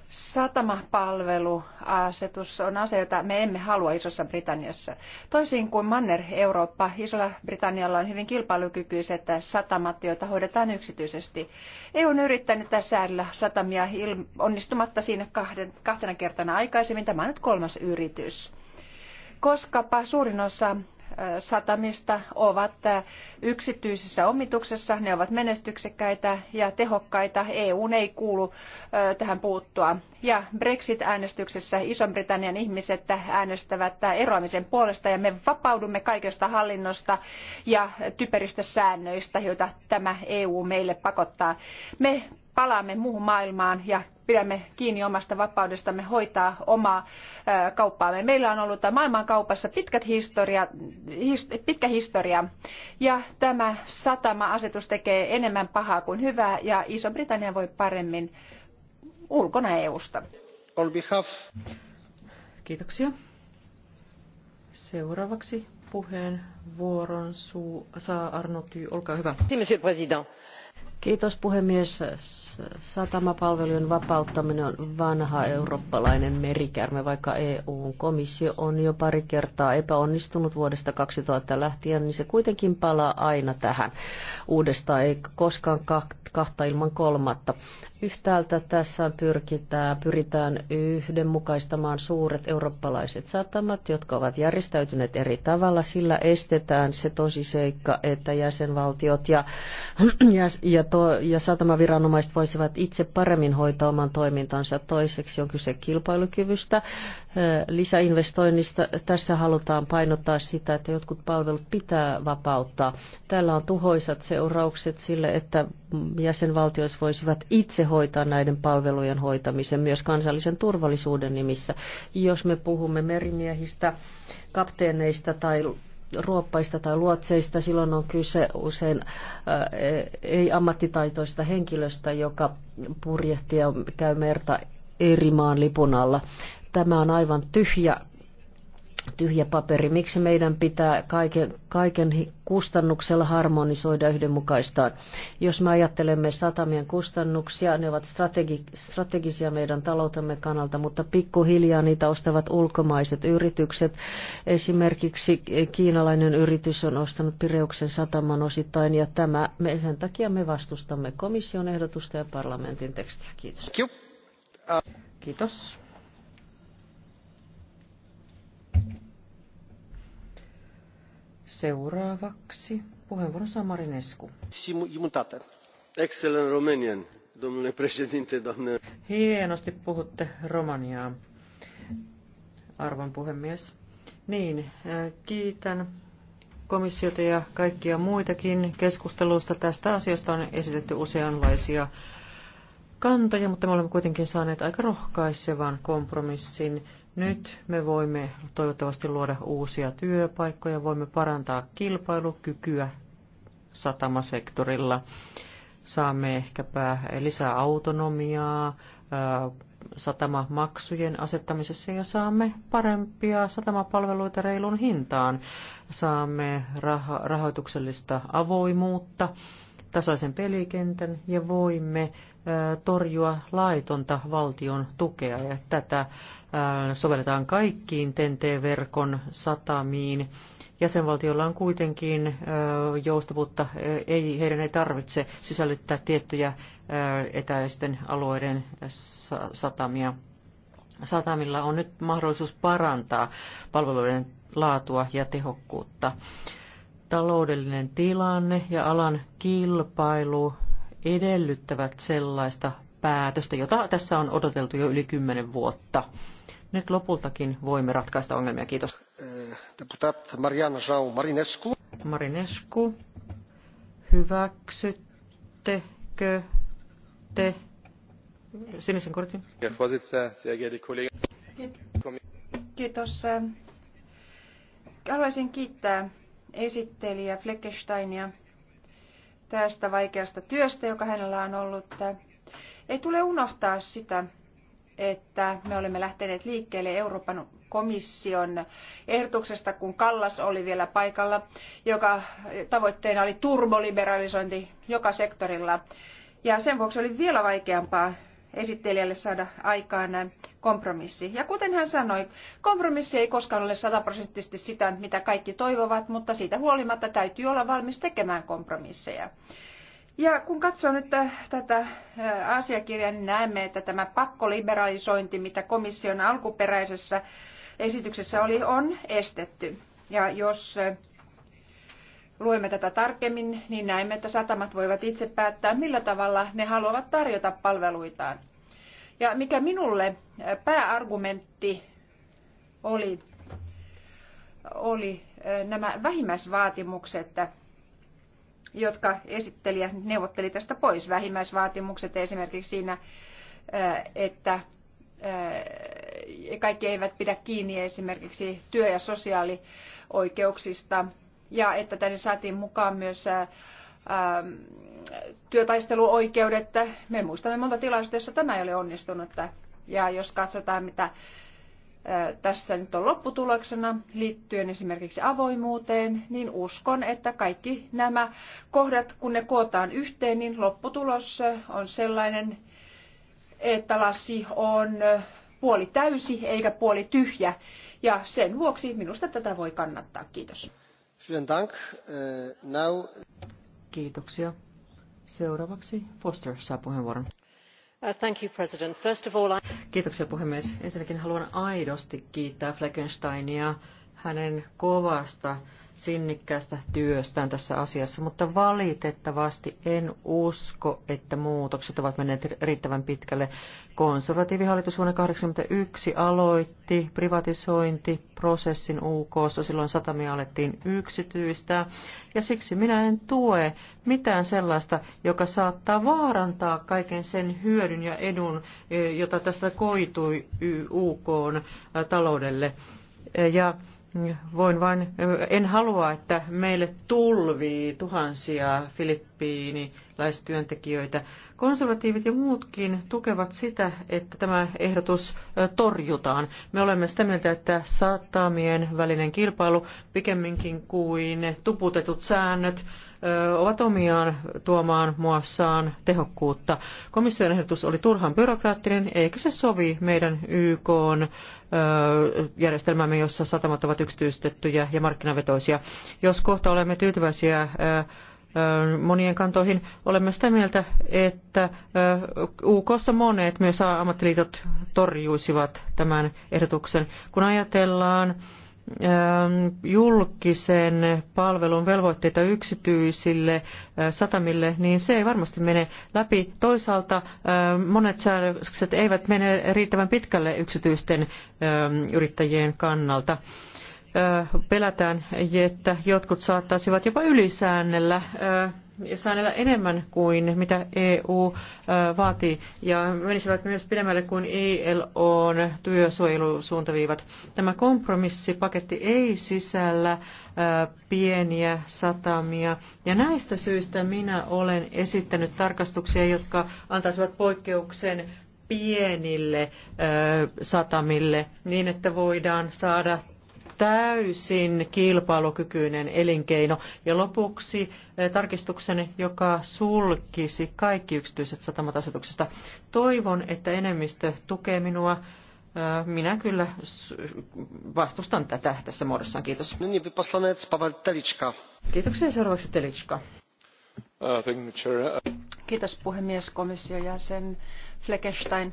Satamapalveluasetus on asia, jota me emme halua Isossa Britanniassa. Toisin kuin Manner-Eurooppa, Isolla Britannialla on hyvin kilpailukykyiset satamat, joita hoidetaan yksityisesti. EU on yrittänyt säädellä satamia onnistumatta siinä kahden, kahtena kertana aikaisemmin. Tämä on nyt kolmas yritys. Koskapa suurin osa satamista ovat äh, yksityisessä omituksessa, ne ovat menestyksekkäitä ja tehokkaita, EUn ei kuulu tähän puuttua. Ja Brexit-äänestyksessä ison britannian ihmiset äänestävät äh, eroamisen puolesta ja me vapaudumme kaikesta hallinnosta ja typeristä säännöistä, joita tämä EU meille pakottaa. Me palaamme muuhun maailmaan ja pidämme kiinni omasta vapaudestamme hoitaa omaa kauppaamme. Meillä on ollut maailmankaupassa pitkät historia, pitkä historia ja tämä satama-asetus tekee enemmän pahaa kuin hyvää ja Iso-Britannia voi paremmin ulkona EUsta. On behalf... Kiitoksia. Seuraavaksi puheen vuoron saa Arno Olkaa hyvä. Merci, Kiitos puhemies. Satamapalvelujen vapauttaminen on vanha eurooppalainen merikärme, vaikka EU-komissio on jo pari kertaa epäonnistunut vuodesta 2000 lähtien, niin se kuitenkin palaa aina tähän. Uudestaan ei koskaan kahta ilman kolmatta. Yhtäältä tässä pyrkitään, pyritään yhdenmukaistamaan suuret eurooppalaiset satamat, jotka ovat järjestäytyneet eri tavalla. Sillä estetään se tosiseikka, että jäsenvaltiot ja, ja, ja to- ja satamaviranomaiset voisivat itse paremmin hoitaa oman toimintansa. Toiseksi on kyse kilpailukyvystä, eh, lisäinvestoinnista. Tässä halutaan painottaa sitä, että jotkut palvelut pitää vapauttaa. Tällä on tuhoisat seuraukset sille, että jäsenvaltiot voisivat itse hoitaa näiden palvelujen hoitamisen myös kansallisen turvallisuuden nimissä. Jos me puhumme merimiehistä, kapteeneista tai ruoppaista tai luotseista. Silloin on kyse usein e, ei-ammattitaitoista henkilöstä, joka purjehtii ja käy merta eri maan lipun alla. Tämä on aivan tyhjä tyhjä paperi. Miksi meidän pitää kaiken, kaiken kustannuksella harmonisoida yhdenmukaistaan? Jos me ajattelemme satamien kustannuksia, ne ovat strategi, strategisia meidän taloutemme kannalta, mutta pikkuhiljaa niitä ostavat ulkomaiset yritykset. Esimerkiksi kiinalainen yritys on ostanut Pireuksen sataman osittain ja tämä, me, sen takia me vastustamme komission ehdotusta ja parlamentin tekstiä. Kiitos. Kiitos. Seuraavaksi puheenvuoro saa Marinescu. Excellent Romanian, domnule președinte, doamne. Hienosti puhutte Romaniaa, arvon puhemies. Niin, äh, kiitän komissiota ja kaikkia muitakin keskustelusta. Tästä asiasta on esitetty useanlaisia kantoja, mutta me olemme kuitenkin saaneet aika rohkaisevan kompromissin nyt me voimme toivottavasti luoda uusia työpaikkoja, voimme parantaa kilpailukykyä satamasektorilla. Saamme ehkäpä lisää autonomiaa satamamaksujen asettamisessa ja saamme parempia satamapalveluita reilun hintaan. Saamme rahoituksellista avoimuutta tasaisen pelikentän ja voimme torjua laitonta valtion tukea. Ja tätä sovelletaan kaikkiin TNT-verkon satamiin. Jäsenvaltioilla on kuitenkin joustavuutta, ei, heidän ei tarvitse sisällyttää tiettyjä etäisten alueiden satamia. Satamilla on nyt mahdollisuus parantaa palveluiden laatua ja tehokkuutta taloudellinen tilanne ja alan kilpailu edellyttävät sellaista päätöstä, jota tässä on odoteltu jo yli kymmenen vuotta. Nyt lopultakin voimme ratkaista ongelmia. Kiitos. Deputat Mariana Jau Marinescu. Marinescu, hyväksyttekö te sinisen kortin? Kiitos. Haluaisin kiittää esittelijä Fleckensteinia tästä vaikeasta työstä, joka hänellä on ollut. Ei tule unohtaa sitä, että me olemme lähteneet liikkeelle Euroopan komission ehdotuksesta, kun Kallas oli vielä paikalla, joka tavoitteena oli turboliberalisointi joka sektorilla. Ja sen vuoksi oli vielä vaikeampaa esittelijälle saada aikaan kompromissi. Ja kuten hän sanoi, kompromissi ei koskaan ole sataprosenttisesti sitä, mitä kaikki toivovat, mutta siitä huolimatta täytyy olla valmis tekemään kompromisseja. Ja kun katsoo nyt tätä asiakirjaa, niin näemme, että tämä pakkoliberalisointi, mitä komission alkuperäisessä esityksessä oli, on estetty. Ja jos luemme tätä tarkemmin, niin näemme, että satamat voivat itse päättää, millä tavalla ne haluavat tarjota palveluitaan. Ja mikä minulle pääargumentti oli, oli nämä vähimmäisvaatimukset, jotka esittelijä neuvotteli tästä pois. Vähimmäisvaatimukset esimerkiksi siinä, että kaikki eivät pidä kiinni esimerkiksi työ- ja sosiaalioikeuksista ja että tänne saatiin mukaan myös työtaisteluoikeudet. Me muistamme monta tilaisuutta, jossa tämä ei ole onnistunut. Ja jos katsotaan, mitä tässä nyt on lopputuloksena liittyen esimerkiksi avoimuuteen, niin uskon, että kaikki nämä kohdat, kun ne kootaan yhteen, niin lopputulos on sellainen, että lasi on puoli täysi eikä puoli tyhjä. Ja sen vuoksi minusta tätä voi kannattaa. Kiitos. Äh, Kiitoksia. Seuraavaksi Foster saa puheenvuoron. Uh, Kiitoksia puhemies. Ensinnäkin haluan aidosti kiittää Fleckensteinia hänen kovasta sinnikkäästä työstään tässä asiassa, mutta valitettavasti en usko, että muutokset ovat menneet riittävän pitkälle. Konservatiivihallitus vuonna 1981 aloitti privatisointiprosessin UKssa, silloin satamia alettiin yksityistää, ja siksi minä en tue mitään sellaista, joka saattaa vaarantaa kaiken sen hyödyn ja edun, eh, jota tästä koitui eh, UK eh, taloudelle. Ja Voin vain, en halua, että meille tulvii tuhansia filippiiniläistyöntekijöitä. Konservatiivit ja muutkin tukevat sitä, että tämä ehdotus torjutaan. Me olemme sitä mieltä, että saattamien välinen kilpailu pikemminkin kuin tuputetut säännöt ovat omiaan tuomaan muassaan tehokkuutta. Komission ehdotus oli turhan byrokraattinen, eikä se sovi meidän YK järjestelmämme, jossa satamat ovat yksityistettyjä ja markkinavetoisia. Jos kohta olemme tyytyväisiä monien kantoihin. Olemme sitä mieltä, että UKssa monet, myös ammattiliitot, torjuisivat tämän ehdotuksen. Kun ajatellaan Ähm, julkisen palvelun velvoitteita yksityisille äh, satamille, niin se ei varmasti mene läpi. Toisaalta ähm, monet säädökset eivät mene riittävän pitkälle yksityisten ähm, yrittäjien kannalta. Äh, pelätään, että jotkut saattaisivat jopa ylisäännellä äh, säännellä enemmän kuin mitä EU vaatii ja menisivät myös pidemmälle kuin ILOn työsuojelusuuntaviivat. Tämä kompromissipaketti ei sisällä pieniä satamia ja näistä syistä minä olen esittänyt tarkastuksia, jotka antaisivat poikkeuksen pienille satamille niin, että voidaan saada täysin kilpailukykyinen elinkeino. Ja lopuksi eh, tarkistuksen, joka sulkisi kaikki yksityiset satamat asetuksesta. Toivon, että enemmistö tukee minua. Eh, minä kyllä vastustan tätä tässä muodossaan. Kiitos. No niin, Kiitoksia. Seuraavaksi Telitska. Uh, uh, Kiitos puhemies, komission jäsen Fleckenstein.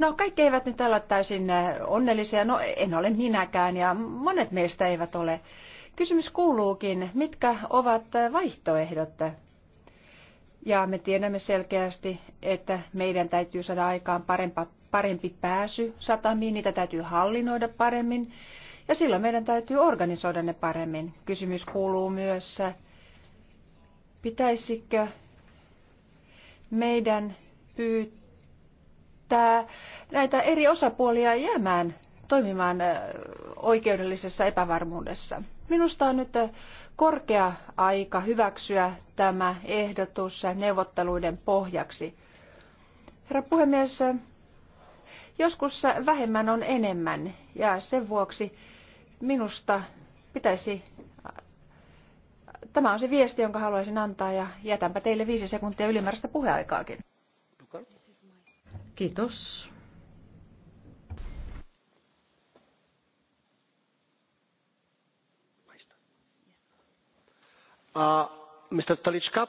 No kaikki eivät nyt ole täysin äh, onnellisia, no en ole minäkään ja monet meistä eivät ole. Kysymys kuuluukin, mitkä ovat äh, vaihtoehdot? Ja me tiedämme selkeästi, että meidän täytyy saada aikaan parempa, parempi pääsy satamiin, niitä täytyy hallinnoida paremmin ja silloin meidän täytyy organisoida ne paremmin. Kysymys kuuluu myös, äh, pitäisikö meidän pyytää pistää näitä eri osapuolia jäämään toimimaan oikeudellisessa epävarmuudessa. Minusta on nyt korkea aika hyväksyä tämä ehdotus neuvotteluiden pohjaksi. Herra puhemies, joskus vähemmän on enemmän ja sen vuoksi minusta pitäisi Tämä on se viesti, jonka haluaisin antaa ja jätänpä teille viisi sekuntia ylimääräistä puheaikaakin. Kiitos. Uh, Mr. Talitska.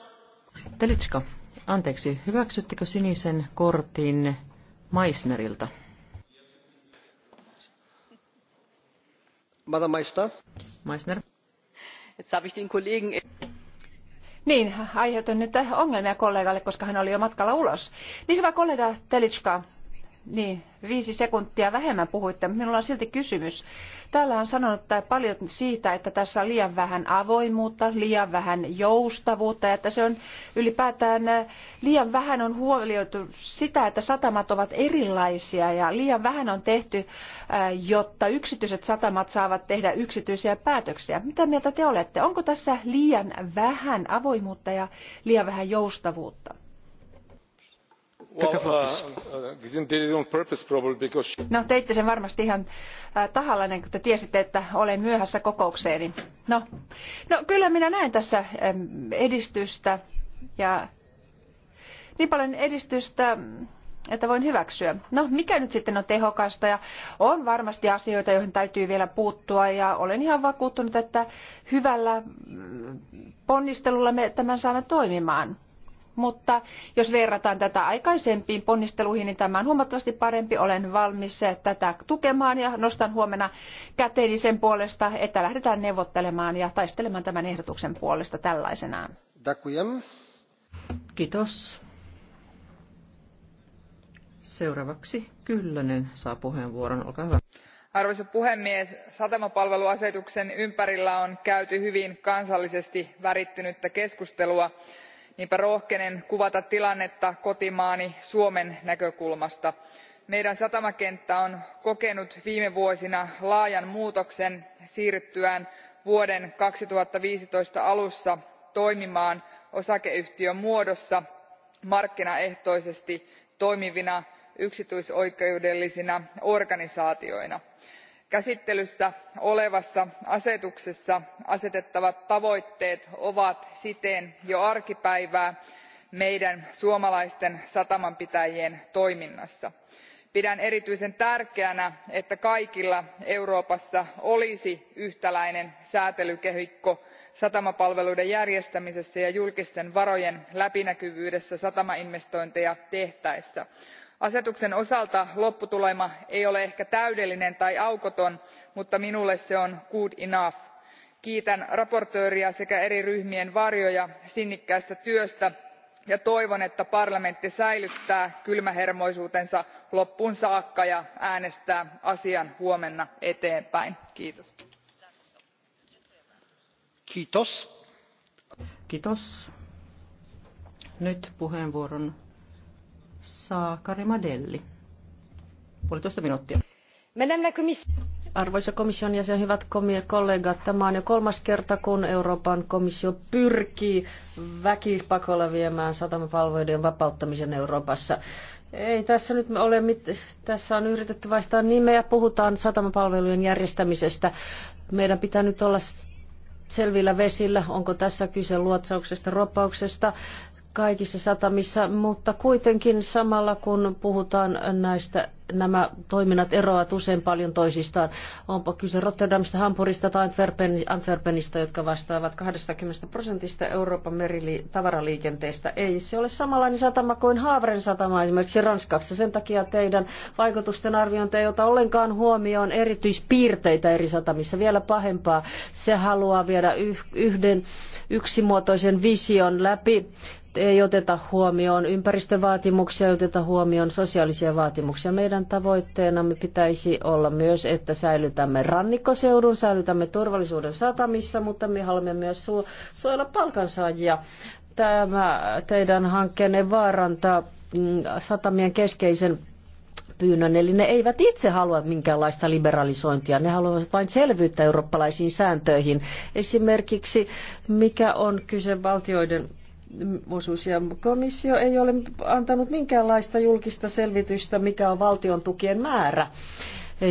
Talitska, anteeksi, hyväksyttekö sinisen kortin Meissnerilta? Madam Meissner. Meissner. Jetzt habe ich den Kollegen niin, aiheutan nyt ongelmia kollegalle, koska hän oli jo matkalla ulos. Niin hyvä kollega Telitska, niin, viisi sekuntia vähemmän puhuitte, mutta minulla on silti kysymys. Täällä on sanonut tai paljon siitä, että tässä on liian vähän avoimuutta, liian vähän joustavuutta ja että se on ylipäätään äh, liian vähän on huolioitu sitä, että satamat ovat erilaisia ja liian vähän on tehty, äh, jotta yksityiset satamat saavat tehdä yksityisiä päätöksiä. Mitä mieltä te olette? Onko tässä liian vähän avoimuutta ja liian vähän joustavuutta? Uh, uh, no teitte sen varmasti ihan äh, tahallanne, kun te tiesitte, että olen myöhässä kokoukseeni. No, no kyllä minä näen tässä ähm, edistystä ja niin paljon edistystä, että voin hyväksyä. No, mikä nyt sitten on tehokasta ja on varmasti asioita, joihin täytyy vielä puuttua ja olen ihan vakuuttunut, että hyvällä mm, ponnistelulla me tämän saamme toimimaan mutta jos verrataan tätä aikaisempiin ponnisteluihin, niin tämä on huomattavasti parempi. Olen valmis tätä tukemaan ja nostan huomenna käteeni sen puolesta, että lähdetään neuvottelemaan ja taistelemaan tämän ehdotuksen puolesta tällaisenaan. Kiitos. Seuraavaksi Kyllönen saa puheenvuoron. Olkaa hyvä. Arvoisa puhemies, satamapalveluasetuksen ympärillä on käyty hyvin kansallisesti värittynyttä keskustelua niinpä rohkenen kuvata tilannetta kotimaani suomen näkökulmasta. meidän satamakenttämme on kokenut viime vuosina laajan muutoksen siirryttyään vuoden kaksituhatta viisitoista alussa toimimaan osakeyhtiömuodossa markkinaehtoisesti toimivina yksityisoikeudellisina organisaatioina käsittelyssä olevassa asetuksessa asetettavat tavoitteet ovat siten jo arkipäivää meidän suomalaisten satamanpitäjien toiminnassa. pidän erityisen tärkeänä että kaikilla euroopassa olisi yhtäläinen säätelykehikko satamapalveluiden järjestämisessä ja julkisten varojen läpinäkyvyydessä satamainvestointeja tehtäessä asetuksen osalta lopputulema ei ole ehkä täydellinen tai aukoton mutta minulle se on good enough. kiitän esittelijää sekä eri ryhmien varjoja sinnikkäästä työstä ja toivon että parlamentti säilyttää kylmähermoisuutensa loppuun saakka ja äänestää asian huomenna eteenpäin. Kiitos. Kiitos. Nyt Saakari Madelli. Puolitoista minuuttia. Madame la Arvoisa komission jäsen, hyvät kollegat, tämä on jo kolmas kerta, kun Euroopan komissio pyrkii väkipakolla viemään satamapalveluiden vapauttamisen Euroopassa. Ei tässä nyt ole mit... tässä on yritetty vaihtaa nimeä, puhutaan satamapalvelujen järjestämisestä. Meidän pitää nyt olla selvillä vesillä, onko tässä kyse luotsauksesta, ropauksesta, kaikissa satamissa, mutta kuitenkin samalla kun puhutaan näistä, nämä toiminnat eroavat usein paljon toisistaan. Onpa kyse Rotterdamista, Hampurista tai Antwerpenista, jotka vastaavat 20 prosentista Euroopan merili- tavaraliikenteestä. Ei se ole samanlainen satama kuin Haavren satama esimerkiksi Ranskassa. Sen takia teidän vaikutusten arviointi ei ota ollenkaan huomioon erityispiirteitä eri satamissa. Vielä pahempaa, se haluaa viedä yhden yksimuotoisen vision läpi ei oteta huomioon ympäristövaatimuksia, ei oteta huomioon sosiaalisia vaatimuksia. Meidän tavoitteenamme pitäisi olla myös, että säilytämme rannikkoseudun, säilytämme turvallisuuden satamissa, mutta me haluamme myös su- suojella palkansaajia. Tämä teidän hankkeenne vaarantaa mm, satamien keskeisen pyynnön, eli ne eivät itse halua minkäänlaista liberalisointia, ne haluavat vain selvyyttä eurooppalaisiin sääntöihin. Esimerkiksi mikä on kyse valtioiden osuus. Ja komissio ei ole antanut minkäänlaista julkista selvitystä, mikä on valtion tukien määrä.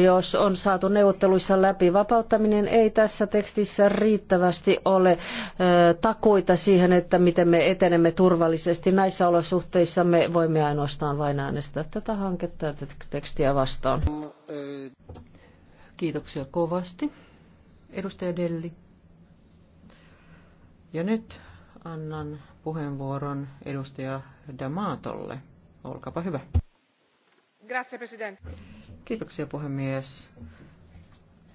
Jos on saatu neuvotteluissa läpi, vapauttaminen ei tässä tekstissä riittävästi ole ö, takuita siihen, että miten me etenemme turvallisesti. Näissä olosuhteissa me voimme ainoastaan vain äänestää tätä hanketta ja tekstiä vastaan. Kiitoksia kovasti. Edustaja Delli. Ja nyt annan puheenvuoron edustaja Damatolle. Olkaapa hyvä. Grazie, president. Kiitoksia puhemies.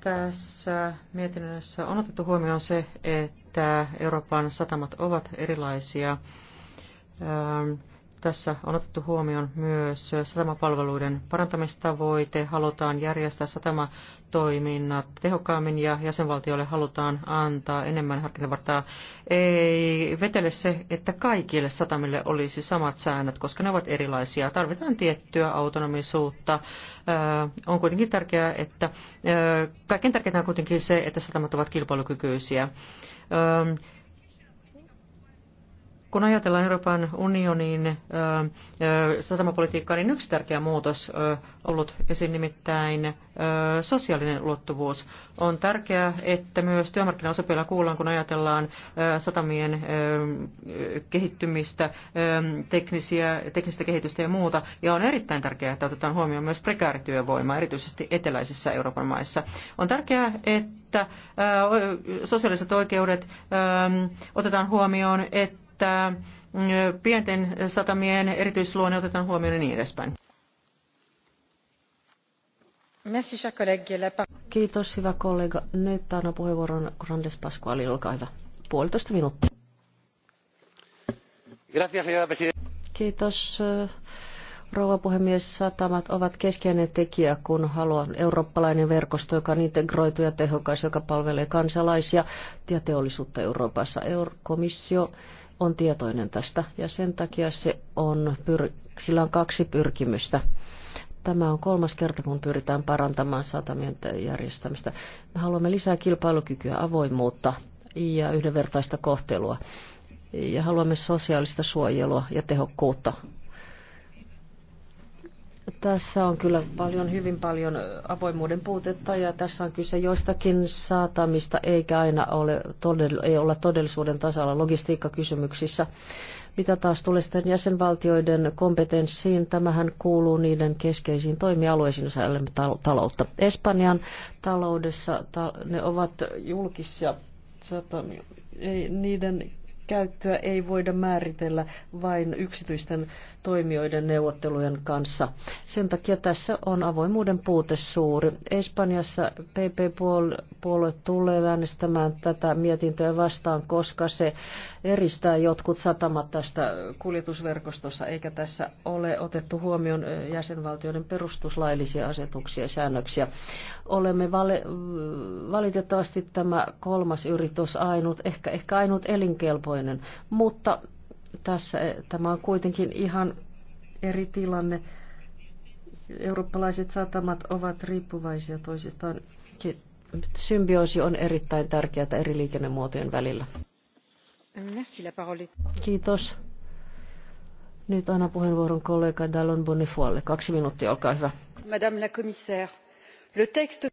Tässä mietinnössä on otettu huomioon se, että Euroopan satamat ovat erilaisia. Ähm, tässä on otettu huomioon myös satamapalveluiden parantamistavoite. Halutaan järjestää satamatoiminnat tehokkaammin ja jäsenvaltioille halutaan antaa enemmän harkinnanvartaa. Ei vetele se, että kaikille satamille olisi samat säännöt, koska ne ovat erilaisia. Tarvitaan tiettyä autonomisuutta. On kuitenkin tärkeää, että kaiken tärkeintä on kuitenkin se, että satamat ovat kilpailukykyisiä kun ajatellaan Euroopan unionin satamapolitiikkaa, niin yksi tärkeä muutos on ollut esiin nimittäin sosiaalinen ulottuvuus. On tärkeää, että myös työmarkkinaosapuolella kuullaan, kun ajatellaan satamien kehittymistä, teknisiä, teknistä kehitystä ja muuta. Ja on erittäin tärkeää, että otetaan huomioon myös prekaarityövoima, erityisesti eteläisissä Euroopan maissa. On tärkeää, että sosiaaliset oikeudet otetaan huomioon, että että pienten satamien erityisluonne otetaan huomioon ja niin edespäin. Kiitos, hyvä kollega. Nyt annan puheenvuoron Grandes Pasqualille, olkaa hyvä. Puolitoista minuuttia. Kiitos. Rouva puhemies, satamat ovat keskeinen tekijä, kun haluan eurooppalainen verkosto, joka on integroitu ja tehokas, joka palvelee kansalaisia ja teollisuutta Euroopassa. Euro komissio on tietoinen tästä ja sen takia se on, sillä on kaksi pyrkimystä. Tämä on kolmas kerta, kun pyritään parantamaan satamien järjestämistä. Me haluamme lisää kilpailukykyä, avoimuutta ja yhdenvertaista kohtelua ja haluamme sosiaalista suojelua ja tehokkuutta tässä on kyllä paljon, hyvin paljon avoimuuden puutetta ja tässä on kyse joistakin saatamista eikä aina ole, todell, ei olla todellisuuden tasalla logistiikkakysymyksissä. Mitä taas tulee sitten jäsenvaltioiden kompetenssiin, tämähän kuuluu niiden keskeisiin toimialueisiin, jos ajattelemme taloutta. Espanjan taloudessa ta, ne ovat julkisia satamia. Ei, niiden käyttöä ei voida määritellä vain yksityisten toimijoiden neuvottelujen kanssa. Sen takia tässä on avoimuuden puute suuri. Espanjassa PP-puolue tulee äänestämään tätä mietintöä vastaan, koska se eristää jotkut satamat tästä kuljetusverkostossa, eikä tässä ole otettu huomioon jäsenvaltioiden perustuslaillisia asetuksia ja säännöksiä. Olemme vale, valitettavasti tämä kolmas yritys ainut, ehkä, ehkä ainut elinkelpoinen toinen. Mutta tässä eh, tämä on kuitenkin ihan eri tilanne. Eurooppalaiset satamat ovat riippuvaisia toisistaan. Symbioosi on erittäin tärkeää eri liikennemuotojen välillä. Kiitos. Nyt annan puheenvuoron kollega Dallon Bonifualle. Kaksi minuuttia, olkaa hyvä. Madame la commissaire, le texte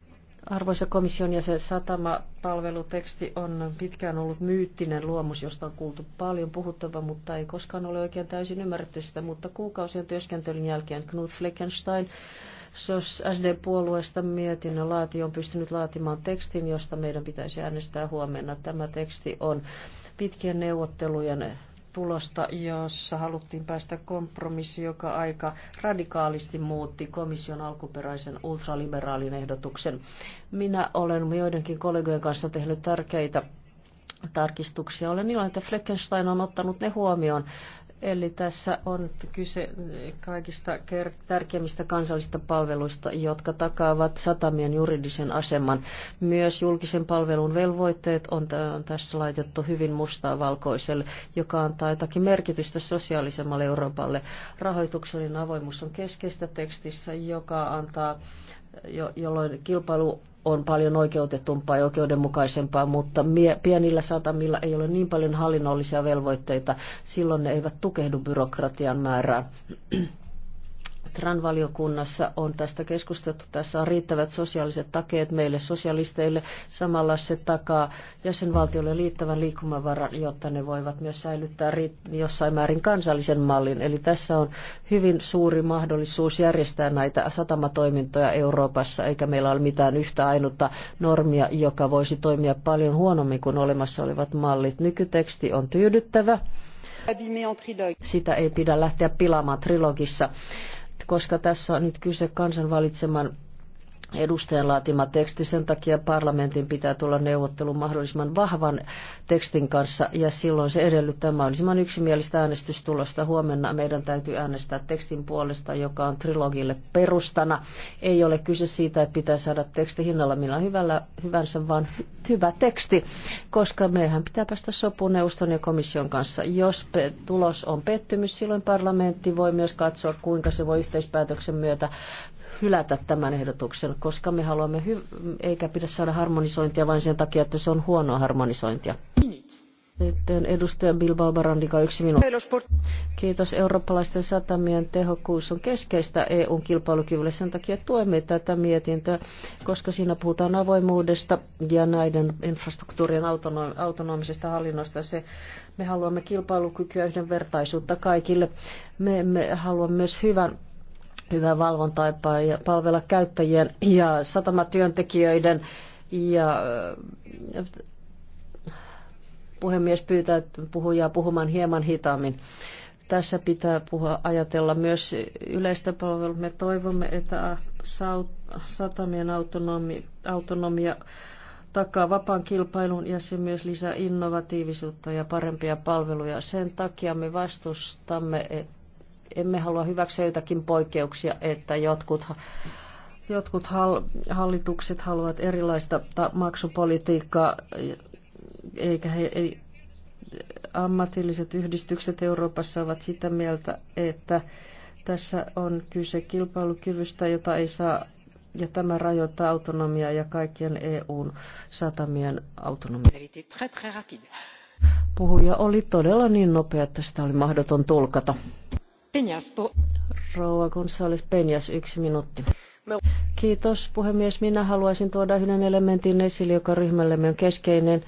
Arvoisa komission jäsen, satamapalveluteksti on pitkään ollut myyttinen luomus, josta on kuultu paljon puhuttava, mutta ei koskaan ole oikein täysin ymmärretty sitä. Mutta kuukausien työskentelyn jälkeen Knut Fleckenstein SD-puolueesta mietinnön laati on pystynyt laatimaan tekstin, josta meidän pitäisi äänestää huomenna. Tämä teksti on pitkien neuvottelujen tulosta, jossa haluttiin päästä kompromissi, joka aika radikaalisti muutti komission alkuperäisen ultraliberaalin ehdotuksen. Minä olen joidenkin kollegojen kanssa tehnyt tärkeitä tarkistuksia. Olen iloinen, että Fleckenstein on ottanut ne huomioon Eli tässä on kyse kaikista tärkeimmistä kansallisista palveluista, jotka takaavat satamien juridisen aseman. Myös julkisen palvelun velvoitteet on, on tässä laitettu hyvin mustaa valkoiselle, joka antaa jotakin merkitystä sosiaalisemmalle Euroopalle. Rahoituksellinen avoimuus on keskeistä tekstissä, joka antaa jolloin kilpailu on paljon oikeutetumpaa ja oikeudenmukaisempaa, mutta pienillä satamilla ei ole niin paljon hallinnollisia velvoitteita. Silloin ne eivät tukehdu byrokratian määrään. TRAN-valiokunnassa on tästä keskusteltu. Tässä on riittävät sosiaaliset takeet meille sosialisteille. Samalla se takaa jäsenvaltiolle liittävän liikkumavaran, jotta ne voivat myös säilyttää jossain määrin kansallisen mallin. Eli tässä on hyvin suuri mahdollisuus järjestää näitä satamatoimintoja Euroopassa, eikä meillä ole mitään yhtä ainutta normia, joka voisi toimia paljon huonommin kuin olemassa olevat mallit. Nykyteksti on tyydyttävä sitä ei pidä lähteä pilaamaan trilogissa koska tässä on nyt kyse kansan valitseman edustajan laatima teksti. Sen takia parlamentin pitää tulla neuvottelun mahdollisimman vahvan tekstin kanssa ja silloin se edellyttää mahdollisimman yksimielistä äänestystulosta. Huomenna meidän täytyy äänestää tekstin puolesta, joka on trilogille perustana. Ei ole kyse siitä, että pitää saada teksti hinnalla millä hyvällä, hyvänsä, vaan hyvä teksti, koska meidän pitää päästä sopuun neuvoston ja komission kanssa. Jos tulos on pettymys, silloin parlamentti voi myös katsoa, kuinka se voi yhteispäätöksen myötä hylätä tämän ehdotuksen, koska me haluamme, hy- eikä pidä saada harmonisointia vain sen takia, että se on huonoa harmonisointia. Sitten edustaja Bilbao Barandika, yksi minuutti. Kiitos. Eurooppalaisten satamien tehokkuus on keskeistä EUn kilpailukyvylle. Sen takia tuemme tätä mietintöä, koska siinä puhutaan avoimuudesta ja näiden infrastruktuurien autonom- autonomisesta hallinnosta. Se, me haluamme kilpailukykyä yhdenvertaisuutta kaikille. Me, me haluamme myös hyvän hyvää valvontaa ja palvella käyttäjien ja satamatyöntekijöiden ja äh, puhemies pyytää puhujaa puhumaan hieman hitaammin. Tässä pitää puhua, ajatella myös yleistä palvelua. Me toivomme, että satamien autonomia, autonomia takaa vapaan kilpailun ja se myös lisää innovatiivisuutta ja parempia palveluja. Sen takia me vastustamme, että emme halua hyväksyä jotakin poikkeuksia, että jotkut, jotkut hallitukset haluavat erilaista maksupolitiikkaa, eikä he, ei, ammatilliset yhdistykset Euroopassa ovat sitä mieltä, että tässä on kyse kilpailukyvystä, jota ei saa, ja tämä rajoittaa autonomiaa ja kaikkien EUn satamien autonomiaa. Puhuja oli todella niin nopea, että sitä oli mahdoton tulkata. Rouva González Penjas, yksi minuutti. Kiitos puhemies. Minä haluaisin tuoda yhden elementin esille, joka ryhmällemme on keskeinen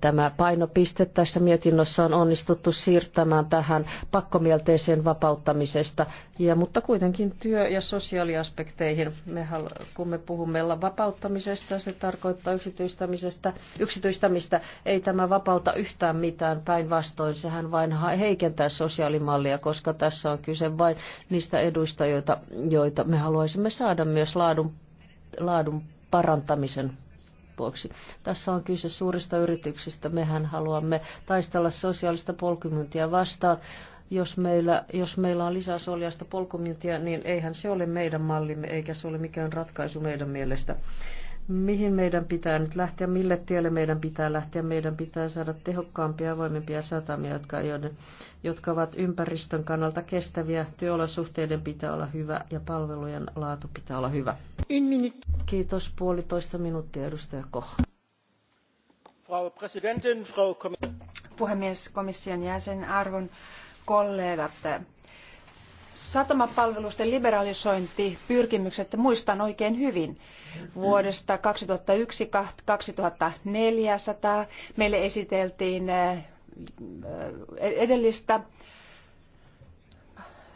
tämä painopiste tässä mietinnössä on onnistuttu siirtämään tähän pakkomielteiseen vapauttamisesta, ja, mutta kuitenkin työ- ja sosiaaliaspekteihin. Me, kun me puhumme vapauttamisesta, se tarkoittaa yksityistämisestä. yksityistämistä. Ei tämä vapauta yhtään mitään, päinvastoin sehän vain heikentää sosiaalimallia, koska tässä on kyse vain niistä eduista, joita, joita me haluaisimme saada myös laadun, laadun parantamisen vuoksi. Tässä on kyse suurista yrityksistä. Mehän haluamme taistella sosiaalista polkumyyntiä vastaan. Jos meillä, jos meillä on lisää soljasta polkumyyntiä, niin eihän se ole meidän mallimme, eikä se ole mikään ratkaisu meidän mielestä mihin meidän pitää nyt lähteä, mille tielle meidän pitää lähteä. Meidän pitää saada tehokkaampia ja avoimempia satamia, jotka, jotka ovat ympäristön kannalta kestäviä. Työolosuhteiden pitää olla hyvä ja palvelujen laatu pitää olla hyvä. Kiitos puolitoista minuuttia, edustaja Koh. Frau Präsidentin, Frau Puhemies, komission jäsen, arvon kollegat. Satamapalvelusten liberalisointi pyrkimykset muistan oikein hyvin. Vuodesta 2001-2400 meille esiteltiin eh, edellistä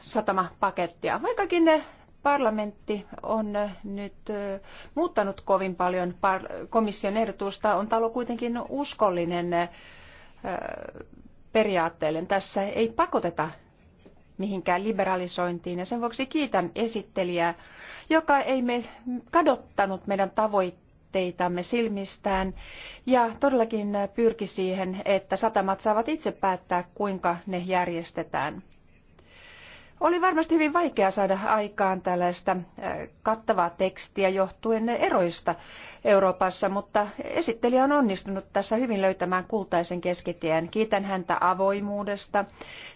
satamapakettia. Vaikkakin ne eh, parlamentti on nyt muuttanut kovin paljon komission ehdotusta, on talo kuitenkin uskollinen periaatteelle. Tässä ei pakoteta mihinkään liberalisointiin ja sen vuoksi kiitän esittelijää, joka ei me kadottanut meidän tavoitteitamme silmistään ja todellakin pyrki siihen, että satamat saavat itse päättää, kuinka ne järjestetään. Oli varmasti hyvin vaikea saada aikaan tällaista äh, kattavaa tekstiä johtuen eroista Euroopassa, mutta esittelijä on onnistunut tässä hyvin löytämään kultaisen keskitien. Kiitän häntä avoimuudesta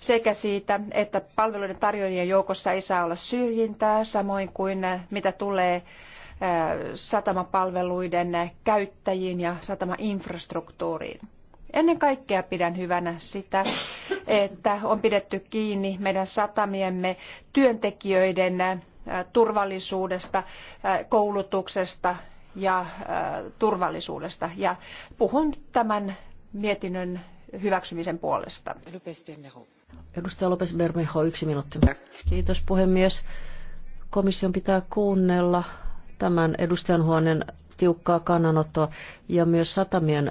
sekä siitä, että palveluiden tarjoajien joukossa ei saa olla syrjintää, samoin kuin äh, mitä tulee äh, satamapalveluiden käyttäjiin ja satamainfrastruktuuriin. Ennen kaikkea pidän hyvänä sitä, että on pidetty kiinni meidän satamiemme työntekijöiden turvallisuudesta, koulutuksesta ja turvallisuudesta. Ja puhun tämän mietinnön hyväksymisen puolesta. Edustaja Lopes Bermejo, yksi minuutti. Kiitos puhemies. Komission pitää kuunnella tämän edustajanhuoneen tiukkaa kannanottoa ja myös satamien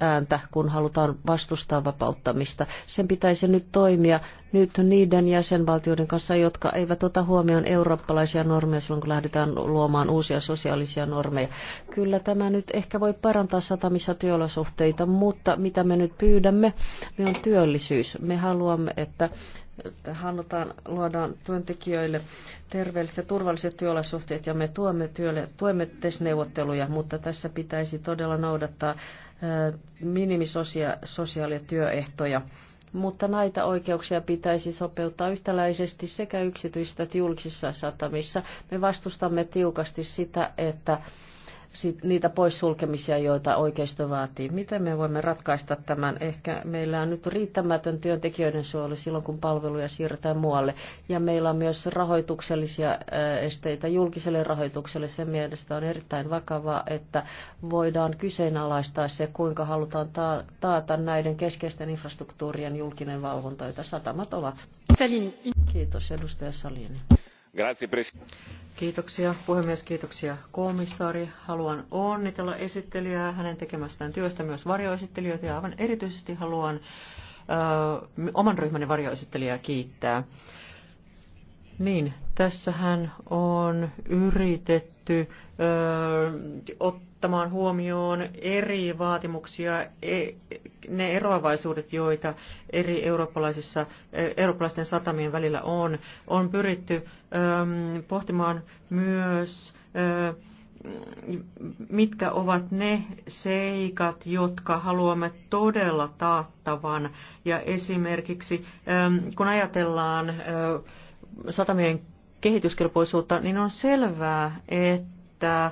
ääntä, kun halutaan vastustaa vapauttamista. Sen pitäisi nyt toimia nyt niiden jäsenvaltioiden kanssa, jotka eivät ota huomioon eurooppalaisia normeja silloin, kun lähdetään luomaan uusia sosiaalisia normeja. Kyllä tämä nyt ehkä voi parantaa satamissa työolosuhteita, mutta mitä me nyt pyydämme, me on työllisyys. Me haluamme, että hannutaan, luodaan työntekijöille terveelliset ja turvalliset työolosuhteet ja me tuemme, työlle, tuemme TES-neuvotteluja, mutta tässä pitäisi todella noudattaa minimisosiaali- sosiaali- ja työehtoja. Mutta näitä oikeuksia pitäisi sopeuttaa yhtäläisesti sekä yksityisistä että julkisissa satamissa. Me vastustamme tiukasti sitä, että sit niitä poissulkemisia, joita oikeisto vaatii. Miten me voimme ratkaista tämän? Ehkä meillä on nyt riittämätön työntekijöiden suoli silloin, kun palveluja siirretään muualle. Ja meillä on myös rahoituksellisia äh, esteitä julkiselle rahoitukselle. Sen mielestä on erittäin vakavaa, että voidaan kyseenalaistaa se, kuinka halutaan taata näiden keskeisten infrastruktuurien julkinen valvonta, joita satamat ovat. Kiitos, edustaja Salini. Kiitoksia puhemies, kiitoksia komissaari. Haluan onnitella esittelijää hänen tekemästään työstä, myös varjoesittelijöitä ja aivan erityisesti haluan ö, oman ryhmäni varjoesittelijää kiittää. Niin, tässähän on yritetty ö, ottamaan huomioon eri vaatimuksia, e, ne eroavaisuudet, joita eri eurooppalaisissa, e, eurooppalaisten satamien välillä on. On pyritty ö, pohtimaan myös, ö, mitkä ovat ne seikat, jotka haluamme todella taattavan. Ja esimerkiksi, ö, kun ajatellaan... Ö, satamien kehityskelpoisuutta, niin on selvää, että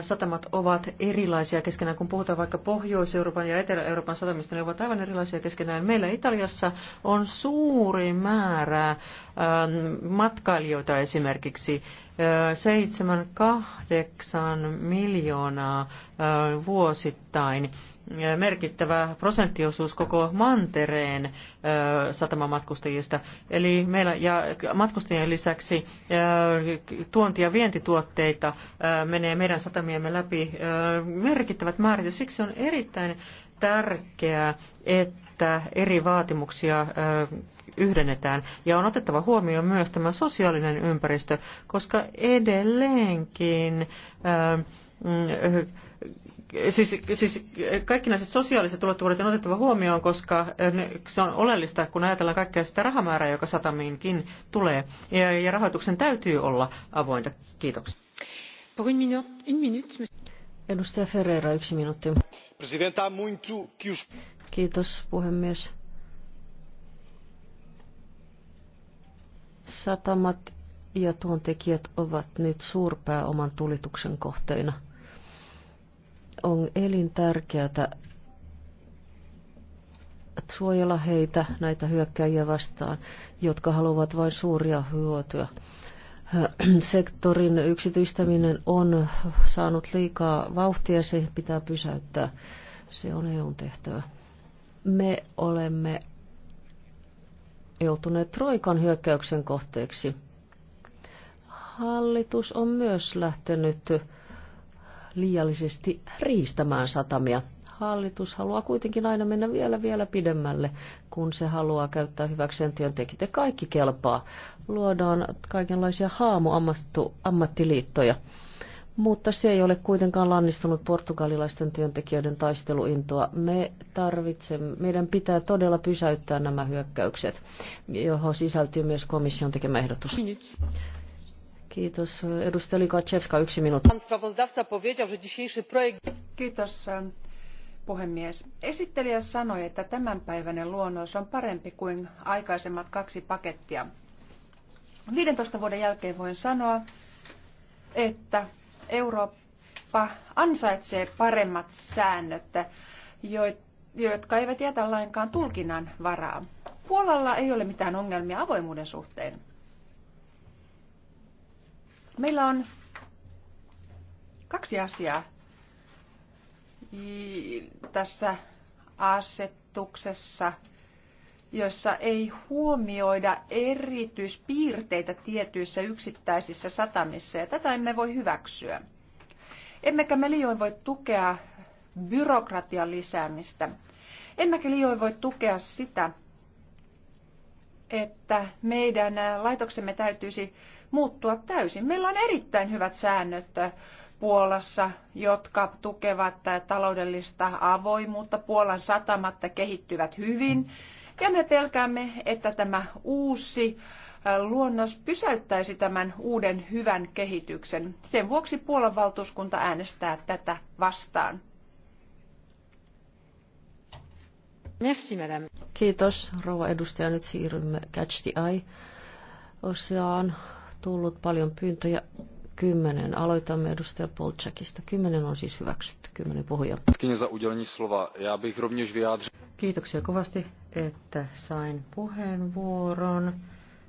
satamat ovat erilaisia keskenään. Kun puhutaan vaikka Pohjois-Euroopan ja Etelä-Euroopan satamista, ne ovat aivan erilaisia keskenään. Meillä Italiassa on suuri määrä matkailijoita esimerkiksi. 7-8 miljoonaa vuosittain merkittävä prosenttiosuus koko mantereen satamamatkustajista. Eli meillä ja matkustajien lisäksi tuonti- ja vientituotteita menee meidän satamiemme läpi merkittävät määrät. Ja siksi on erittäin tärkeää, että eri vaatimuksia yhdennetään. Ja on otettava huomioon myös tämä sosiaalinen ympäristö, koska edelleenkin siis, siis kaikki näiset sosiaaliset ulottuvuudet on otettava huomioon, koska se on oleellista, kun ajatellaan kaikkea sitä rahamäärää, joka satamiinkin tulee. Ja, ja rahoituksen täytyy olla avointa. Kiitoksia. Pour une minute, une minute. Edustaja Ferreira, yksi minuutti. Kiitos, puhemies. Satamat ja tuontekijät ovat nyt suurpääoman tulituksen kohteina – on elintärkeää suojella heitä näitä hyökkäjiä vastaan, jotka haluavat vain suuria hyötyä. Sektorin yksityistäminen on saanut liikaa vauhtia, se pitää pysäyttää. Se on EUn tehtävä. Me olemme joutuneet Troikan hyökkäyksen kohteeksi. Hallitus on myös lähtenyt liiallisesti riistämään satamia. Hallitus haluaa kuitenkin aina mennä vielä vielä pidemmälle, kun se haluaa käyttää hyväkseen työntekijät. kaikki kelpaa. Luodaan kaikenlaisia haamuammattiliittoja. Mutta se ei ole kuitenkaan lannistunut portugalilaisten työntekijöiden taisteluintoa. Me tarvitsemme, meidän pitää todella pysäyttää nämä hyökkäykset, johon sisältyy myös komission tekemä ehdotus. Kiitos. Pan sprawozdawca powiedział, że dzisiejszy projekt... puhemies. Esittelijä sanoi, että tämänpäiväinen luonnos on parempi kuin aikaisemmat kaksi pakettia. 15 vuoden jälkeen voin sanoa, että Eurooppa ansaitsee paremmat säännöt, jotka eivät jätä lainkaan tulkinnan varaa. Puolalla ei ole mitään ongelmia avoimuuden suhteen. Meillä on kaksi asiaa tässä asetuksessa, jossa ei huomioida erityispiirteitä tietyissä yksittäisissä satamissa, ja tätä emme voi hyväksyä. Emmekä me liioin voi tukea byrokratian lisäämistä. Emmekä liioin voi tukea sitä, että meidän laitoksemme täytyisi muuttua täysin. Meillä on erittäin hyvät säännöt Puolassa, jotka tukevat taloudellista avoimuutta. Puolan satamat kehittyvät hyvin. Ja me pelkäämme, että tämä uusi luonnos pysäyttäisi tämän uuden hyvän kehityksen. Sen vuoksi Puolan valtuuskunta äänestää tätä vastaan. Merci, madame. Kiitos, rouva edustaja. Nyt siirrymme Catch the eye osiaan tullut paljon pyyntöjä. Kymmenen. Aloitamme edustaja Polchakista. Kymmenen on siis hyväksytty. Kymmenen puhuja. Kiitoksia kovasti, että sain puheenvuoron.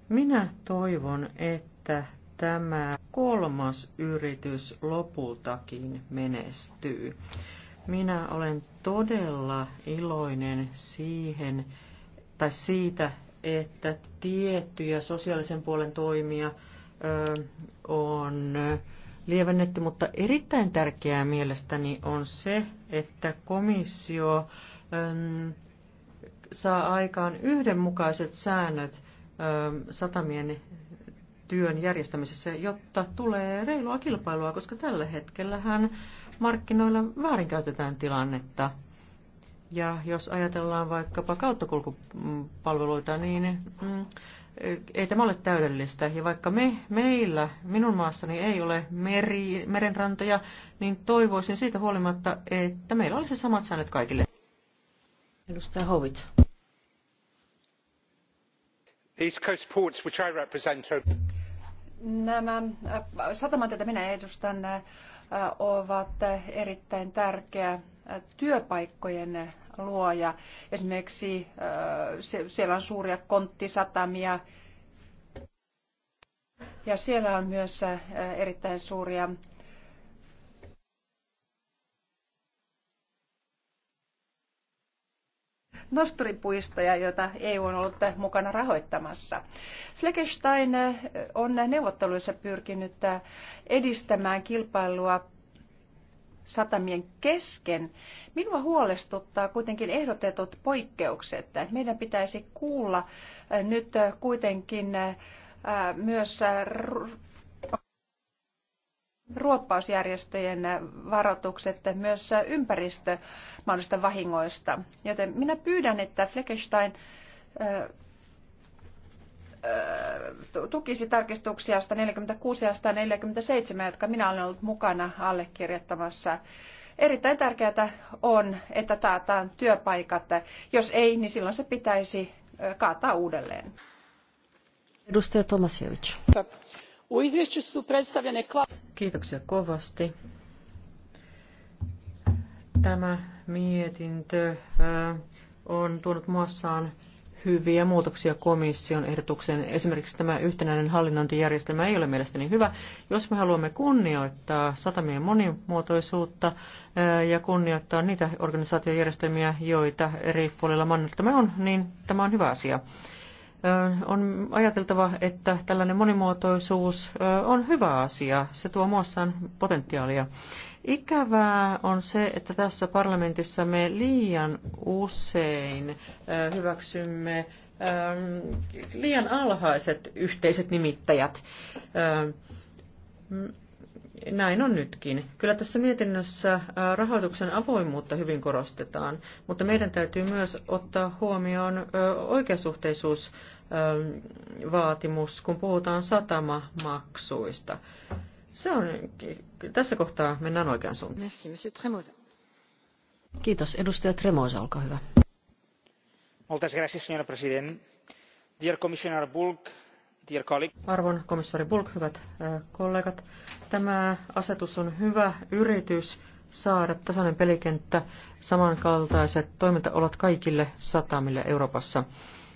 Minä toivon, että tämä kolmas yritys lopultakin menestyy. Minä olen todella iloinen siihen, tai siitä, että tiettyjä sosiaalisen puolen toimia on lievennetty, mutta erittäin tärkeää mielestäni on se, että komissio ähm, saa aikaan yhdenmukaiset säännöt ähm, satamien työn järjestämisessä, jotta tulee reilua kilpailua, koska tällä hetkellähän markkinoilla väärinkäytetään tilannetta. Ja jos ajatellaan vaikkapa kauttakulkupalveluita, niin mm, ei tämä ole täydellistä. Ja vaikka me, meillä, minun maassani ei ole meri, merenrantoja, niin toivoisin siitä huolimatta, että meillä olisi samat säännöt kaikille. Edustaja Hovit. East Coast ports, which I represent, are... Nämä äh, satamat, joita minä edustan, äh, ovat erittäin tärkeä äh, työpaikkojen luoja. Esimerkiksi siellä on suuria konttisatamia ja siellä on myös erittäin suuria nosturipuistoja, joita EU on ollut mukana rahoittamassa. Fleckenstein on neuvotteluissa pyrkinyt edistämään kilpailua satamien kesken. Minua huolestuttaa kuitenkin ehdotetut poikkeukset. Meidän pitäisi kuulla äh, nyt äh, kuitenkin äh, myös ruoppausjärjestöjen varoitukset myös ympäristömahdollisista vahingoista. Joten minä pyydän, että Fleckenstein tukisi tarkistuksia 146 ja 147, jotka minä olen ollut mukana allekirjoittamassa. Erittäin tärkeää on, että taataan työpaikat. Jos ei, niin silloin se pitäisi kaataa uudelleen. Edustaja Tomasevic. Kiitoksia kovasti. Tämä mietintö on tuonut muassaan hyviä muutoksia komission ehdotukseen. Esimerkiksi tämä yhtenäinen hallinnointijärjestelmä ei ole mielestäni hyvä. Jos me haluamme kunnioittaa satamien monimuotoisuutta eh, ja kunnioittaa niitä organisaatiojärjestelmiä, joita eri puolilla mannettamme on, niin tämä on hyvä asia. Eh, on ajateltava, että tällainen monimuotoisuus eh, on hyvä asia. Se tuo muassaan potentiaalia. Ikävää on se, että tässä parlamentissa me liian usein hyväksymme liian alhaiset yhteiset nimittäjät. Näin on nytkin. Kyllä tässä mietinnössä rahoituksen avoimuutta hyvin korostetaan, mutta meidän täytyy myös ottaa huomioon oikeasuhteisuusvaatimus, kun puhutaan satamamaksuista. maksuista se on, tässä kohtaa mennään oikean suuntaan. Merci, monsieur Tremosa. Kiitos. Edustaja Tremosa, olkaa hyvä. Moltes gracias, señora president. Dear Commissioner Bulk, dear colleague. Arvon komissaari Bulk, hyvät äh, kollegat. Tämä asetus on hyvä yritys saada tasainen pelikenttä, samankaltaiset toimintaolot kaikille satamille Euroopassa.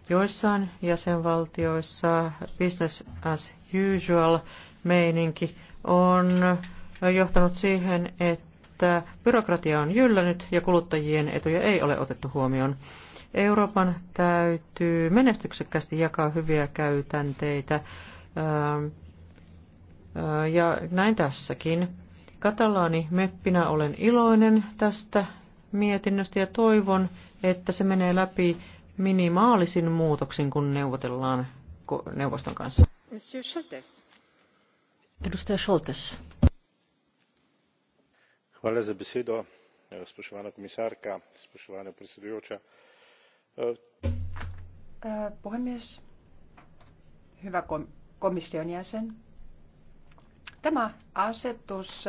Joissain jäsenvaltioissa business as usual meininki on johtanut siihen, että byrokratia on jyllännyt ja kuluttajien etuja ei ole otettu huomioon. Euroopan täytyy menestyksekkäästi jakaa hyviä käytänteitä. Ähm, äh, ja näin tässäkin. Katalaani meppinä olen iloinen tästä mietinnöstä ja toivon, että se menee läpi minimaalisin muutoksin, kun neuvotellaan neuvoston kanssa. Monsieur Hvala za besedo, spoštovana komisarka, spoštovana predsedujoča. Tämä asetus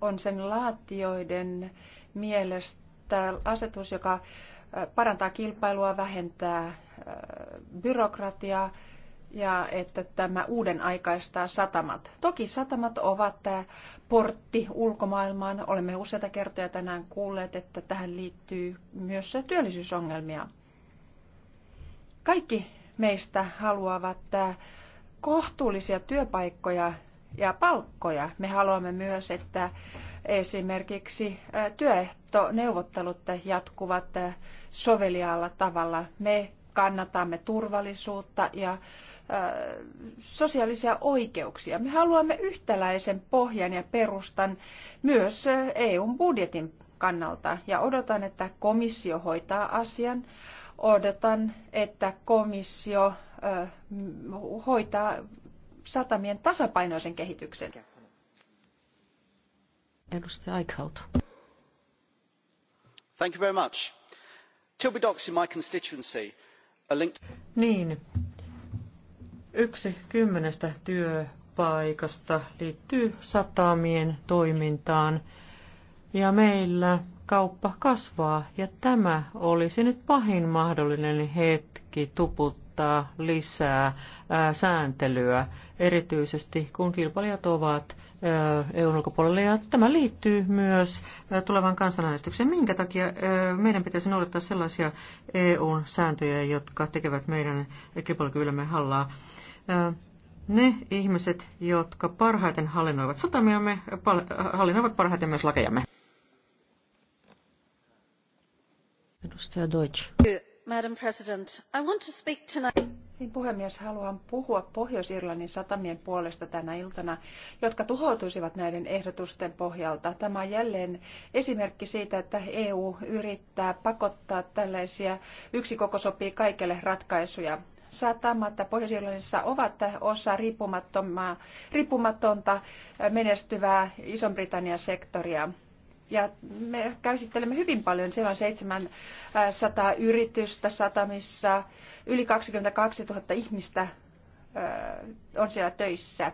on sen laatijoiden mielestä asetus, joka parantaa kilpailua, vähentää byrokratiaa ja että tämä uuden aikaistaa satamat. Toki satamat ovat tämä portti ulkomaailmaan. Olemme useita kertoja tänään kuulleet, että tähän liittyy myös työllisyysongelmia. Kaikki meistä haluavat kohtuullisia työpaikkoja ja palkkoja. Me haluamme myös, että esimerkiksi työehtoneuvottelut jatkuvat soveliaalla tavalla. Me kannatamme turvallisuutta ja sosiaalisia oikeuksia. Me haluamme yhtäläisen pohjan ja perustan myös EUn budjetin kannalta ja odotan, että komissio hoitaa asian. Odotan, että komissio hoitaa satamien tasapainoisen kehityksen. Edustaja Eichhout. Thank you very much. Tilby Docks in my constituency a link. Niin, Yksi kymmenestä työpaikasta liittyy satamien toimintaan ja meillä kauppa kasvaa ja tämä olisi nyt pahin mahdollinen hetki tuputtaa lisää ää, sääntelyä, erityisesti kun kilpailijat ovat EUn ulkopuolelle. Ja tämä liittyy myös tulevan kansanäänestykseen. Minkä takia meidän pitäisi noudattaa sellaisia EUn sääntöjä, jotka tekevät meidän kilpailukyvylämme hallaa? ne ihmiset, jotka parhaiten hallinnoivat satamiamme, hallinnoivat parhaiten myös lakejamme. Edustaja Deutsch. Madam President, I want to speak tonight. Niin puhemies, haluan puhua Pohjois-Irlannin satamien puolesta tänä iltana, jotka tuhoutuisivat näiden ehdotusten pohjalta. Tämä on jälleen esimerkki siitä, että EU yrittää pakottaa tällaisia yksi koko sopii kaikille ratkaisuja satamatta pohjois ovat osa riippumatonta menestyvää iso britannian sektoria. Ja me käsittelemme hyvin paljon, siellä on 700 yritystä satamissa, yli 22 000 ihmistä on siellä töissä.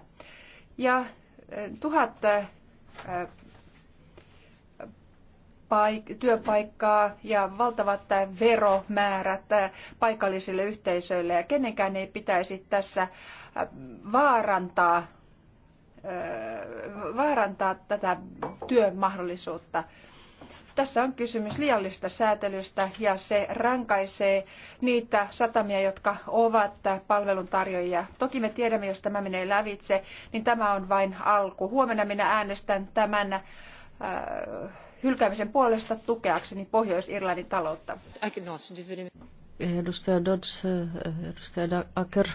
Ja tuhat työpaikkaa ja valtavat veromäärät paikallisille yhteisöille ja kenenkään ei pitäisi tässä äh, vaarantaa, äh, vaarantaa tätä työmahdollisuutta. Tässä on kysymys liiallisesta säätelystä ja se rankaisee niitä satamia, jotka ovat palveluntarjoajia. Toki me tiedämme, jos tämä menee lävitse, niin tämä on vain alku. Huomenna minä äänestän tämän äh, hylkäämisen puolesta tukeakseni Pohjois-Irlannin taloutta. Edustaja Dodds, edustaja Aker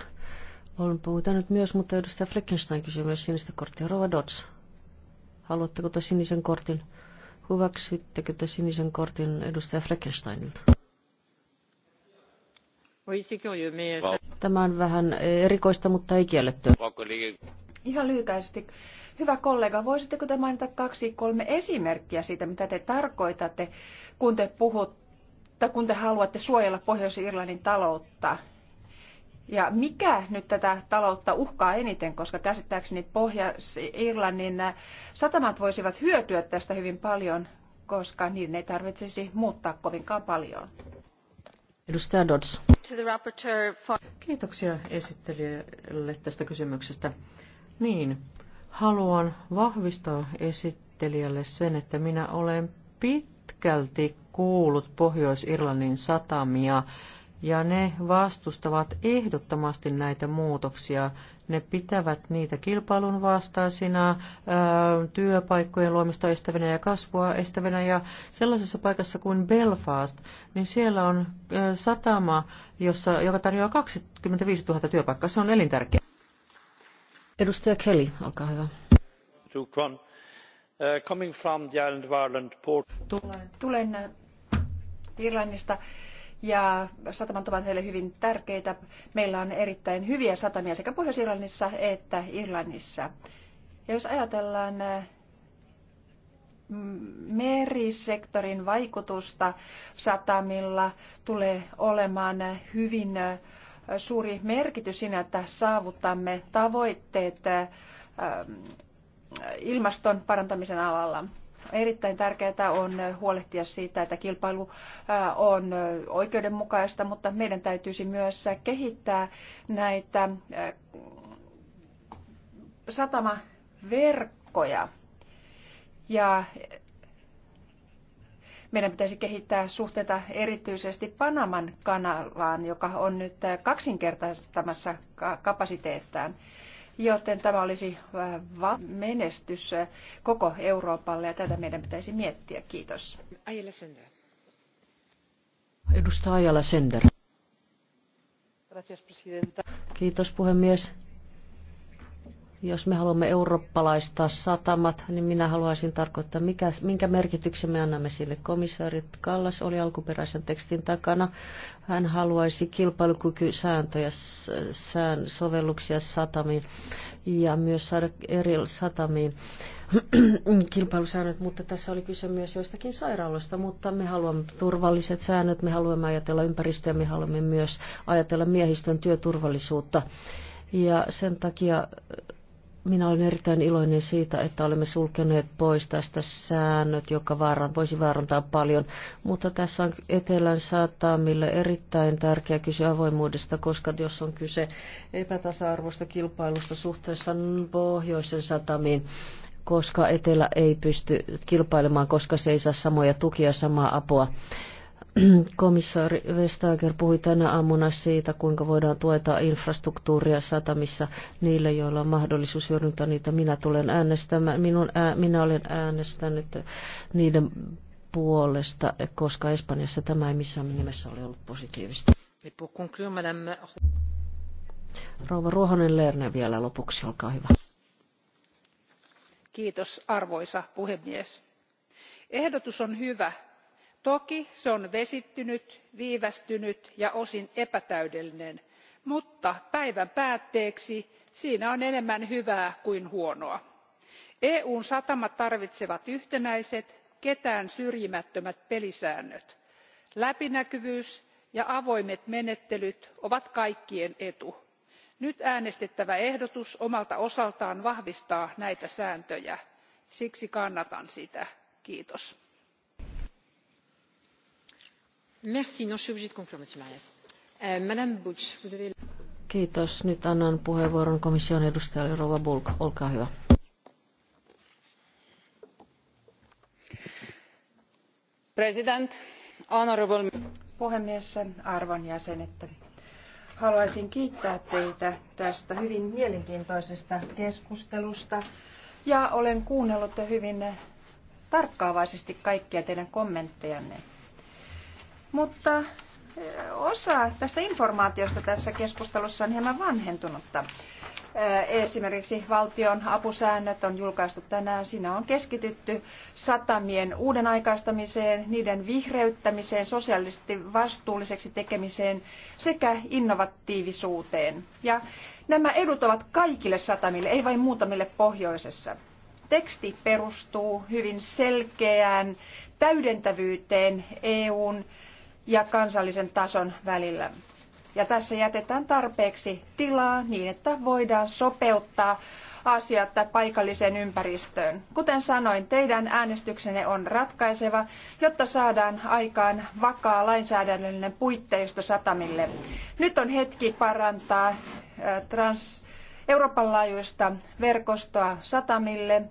on puhutanut myös, mutta edustaja Fleckenstein kysyy myös sinistä korttia. Rova Dodds, haluatteko te sinisen kortin? Hyväksyttekö te sinisen kortin edustaja Fleckensteinilta? Euh, Tämä on vähän erikoista, mutta ei kielletty. Ihan lyhykäisesti Hyvä kollega, voisitteko te mainita kaksi, kolme esimerkkiä siitä, mitä te tarkoitatte, kun te puhutte, kun te haluatte suojella Pohjois-Irlannin taloutta? Ja mikä nyt tätä taloutta uhkaa eniten, koska käsittääkseni Pohjois-Irlannin satamat voisivat hyötyä tästä hyvin paljon, koska niiden ei tarvitsisi muuttaa kovinkaan paljon. Edustaja Dodds. Kiitoksia esittelijälle tästä kysymyksestä. Niin, haluan vahvistaa esittelijälle sen, että minä olen pitkälti kuullut Pohjois-Irlannin satamia ja ne vastustavat ehdottomasti näitä muutoksia. Ne pitävät niitä kilpailun vastaisina, työpaikkojen luomista estävänä ja kasvua estävänä. Ja sellaisessa paikassa kuin Belfast, niin siellä on satama, jossa, joka tarjoaa 25 000 työpaikkaa. Se on elintärkeä. Edustaja Kelly, olkaa hyvä. Äh, tulen äh, Irlannista ja satamat ovat heille hyvin tärkeitä. Meillä on erittäin hyviä satamia sekä Pohjois-Irlannissa että Irlannissa. Ja jos ajatellaan äh, merisektorin vaikutusta satamilla tulee olemaan hyvin suuri merkitys siinä, että saavutamme tavoitteet ilmaston parantamisen alalla. Erittäin tärkeää on huolehtia siitä, että kilpailu on oikeudenmukaista, mutta meidän täytyisi myös kehittää näitä satamaverkkoja ja meidän pitäisi kehittää suhteita erityisesti Panaman kanavaan, joka on nyt kaksinkertaistamassa kapasiteettaan. Joten tämä olisi äh, menestys koko Euroopalle ja tätä meidän pitäisi miettiä. Kiitos. Ajala Sender. Edustaja Ajala Sender. Kiitos puhemies jos me haluamme eurooppalaistaa satamat, niin minä haluaisin tarkoittaa, mikä, minkä merkityksen me annamme sille. Komissaari Kallas oli alkuperäisen tekstin takana. Hän haluaisi kilpailukykysääntöjä, sään, sovelluksia satamiin ja myös saada eri satamiin kilpailusäännöt, mutta tässä oli kyse myös joistakin sairaaloista, mutta me haluamme turvalliset säännöt, me haluamme ajatella ympäristöä, me haluamme myös ajatella miehistön työturvallisuutta. Ja sen takia minä olen erittäin iloinen siitä, että olemme sulkeneet pois tästä säännöt, joka vaaran, voisi vaarantaa paljon. Mutta tässä on etelän saattaamille erittäin tärkeä kysyä avoimuudesta, koska jos on kyse epätasa arvoista kilpailusta suhteessa pohjoisen satamiin, koska etelä ei pysty kilpailemaan, koska se ei saa samoja tukia, samaa apua. Komissaari Vestager puhui tänä aamuna siitä, kuinka voidaan tueta infrastruktuuria satamissa niille, joilla on mahdollisuus hyödyntää niitä. Minä tulen äänestämään, minun ää, minä olen äänestänyt niiden puolesta, koska Espanjassa tämä ei missään nimessä ole ollut positiivista. Rouva Ruohonen Lerner vielä lopuksi, olkaa hyvä. Kiitos arvoisa puhemies. Ehdotus on hyvä, toki se on vesittynyt viivästynyt ja osin epätäydellinen mutta päivän päätteeksi siinä on enemmän hyvää kuin huonoa. eu n satamat tarvitsevat yhtenäiset ketään syrjimättömät pelisäännöt. läpinäkyvyys ja avoimet menettelyt ovat kaikkien etu. nyt äänestettävä ehdotus omalta osaltaan vahvistaa näitä sääntöjä. siksi kannatan sitä. kiitos. Euh, Kiitos. Nyt annan puheenvuoron komission edustajalle Rova Bulk. Olkaa hyvä. President, honorable... Puhemies, arvon jäsenet, haluaisin kiittää teitä tästä hyvin mielenkiintoisesta keskustelusta ja olen kuunnellut hyvin tarkkaavaisesti kaikkia teidän kommenttejanne. Mutta eh, osa tästä informaatiosta tässä keskustelussa on hieman vanhentunutta. Eh, esimerkiksi valtion apusäännöt on julkaistu tänään. Siinä on keskitytty satamien uuden aikaistamiseen, niiden vihreyttämiseen, sosiaalisesti vastuulliseksi tekemiseen sekä innovatiivisuuteen. Ja nämä edut ovat kaikille satamille, ei vain muutamille pohjoisessa. Teksti perustuu hyvin selkeään täydentävyyteen EUn ja kansallisen tason välillä. Ja tässä jätetään tarpeeksi tilaa niin, että voidaan sopeuttaa asiat paikalliseen ympäristöön. Kuten sanoin, teidän äänestyksenne on ratkaiseva, jotta saadaan aikaan vakaa lainsäädännöllinen puitteisto satamille. Nyt on hetki parantaa äh, trans Euroopan laajuista verkostoa satamille,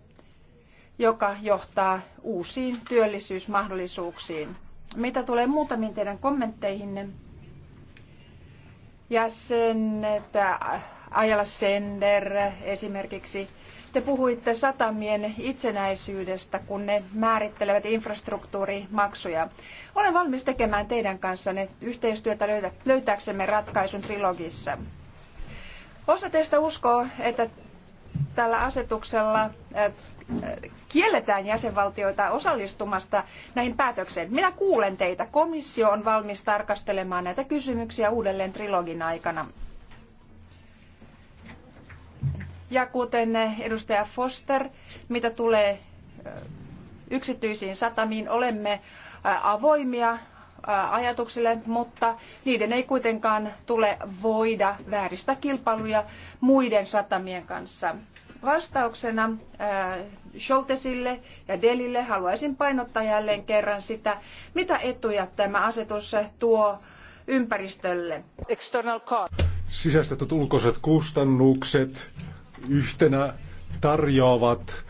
joka johtaa uusiin työllisyysmahdollisuuksiin. Mitä tulee muutamiin teidän kommentteihinne, että Ajala Sender esimerkiksi, te puhuitte satamien itsenäisyydestä, kun ne määrittelevät infrastruktuurimaksuja. Olen valmis tekemään teidän kanssanne yhteistyötä löytääksemme ratkaisun trilogissa. Osa teistä uskoo, että tällä asetuksella kielletään jäsenvaltioita osallistumasta näihin päätöksiin. Minä kuulen teitä. Komissio on valmis tarkastelemaan näitä kysymyksiä uudelleen trilogin aikana. Ja kuten edustaja Foster, mitä tulee yksityisiin satamiin, olemme avoimia ajatuksille, mutta niiden ei kuitenkaan tule voida vääristää kilpailuja muiden satamien kanssa. Vastauksena äh, Scholtesille ja Delille haluaisin painottaa jälleen kerran sitä, mitä etuja tämä asetus tuo ympäristölle. Sisäistetut ulkoiset kustannukset yhtenä tarjoavat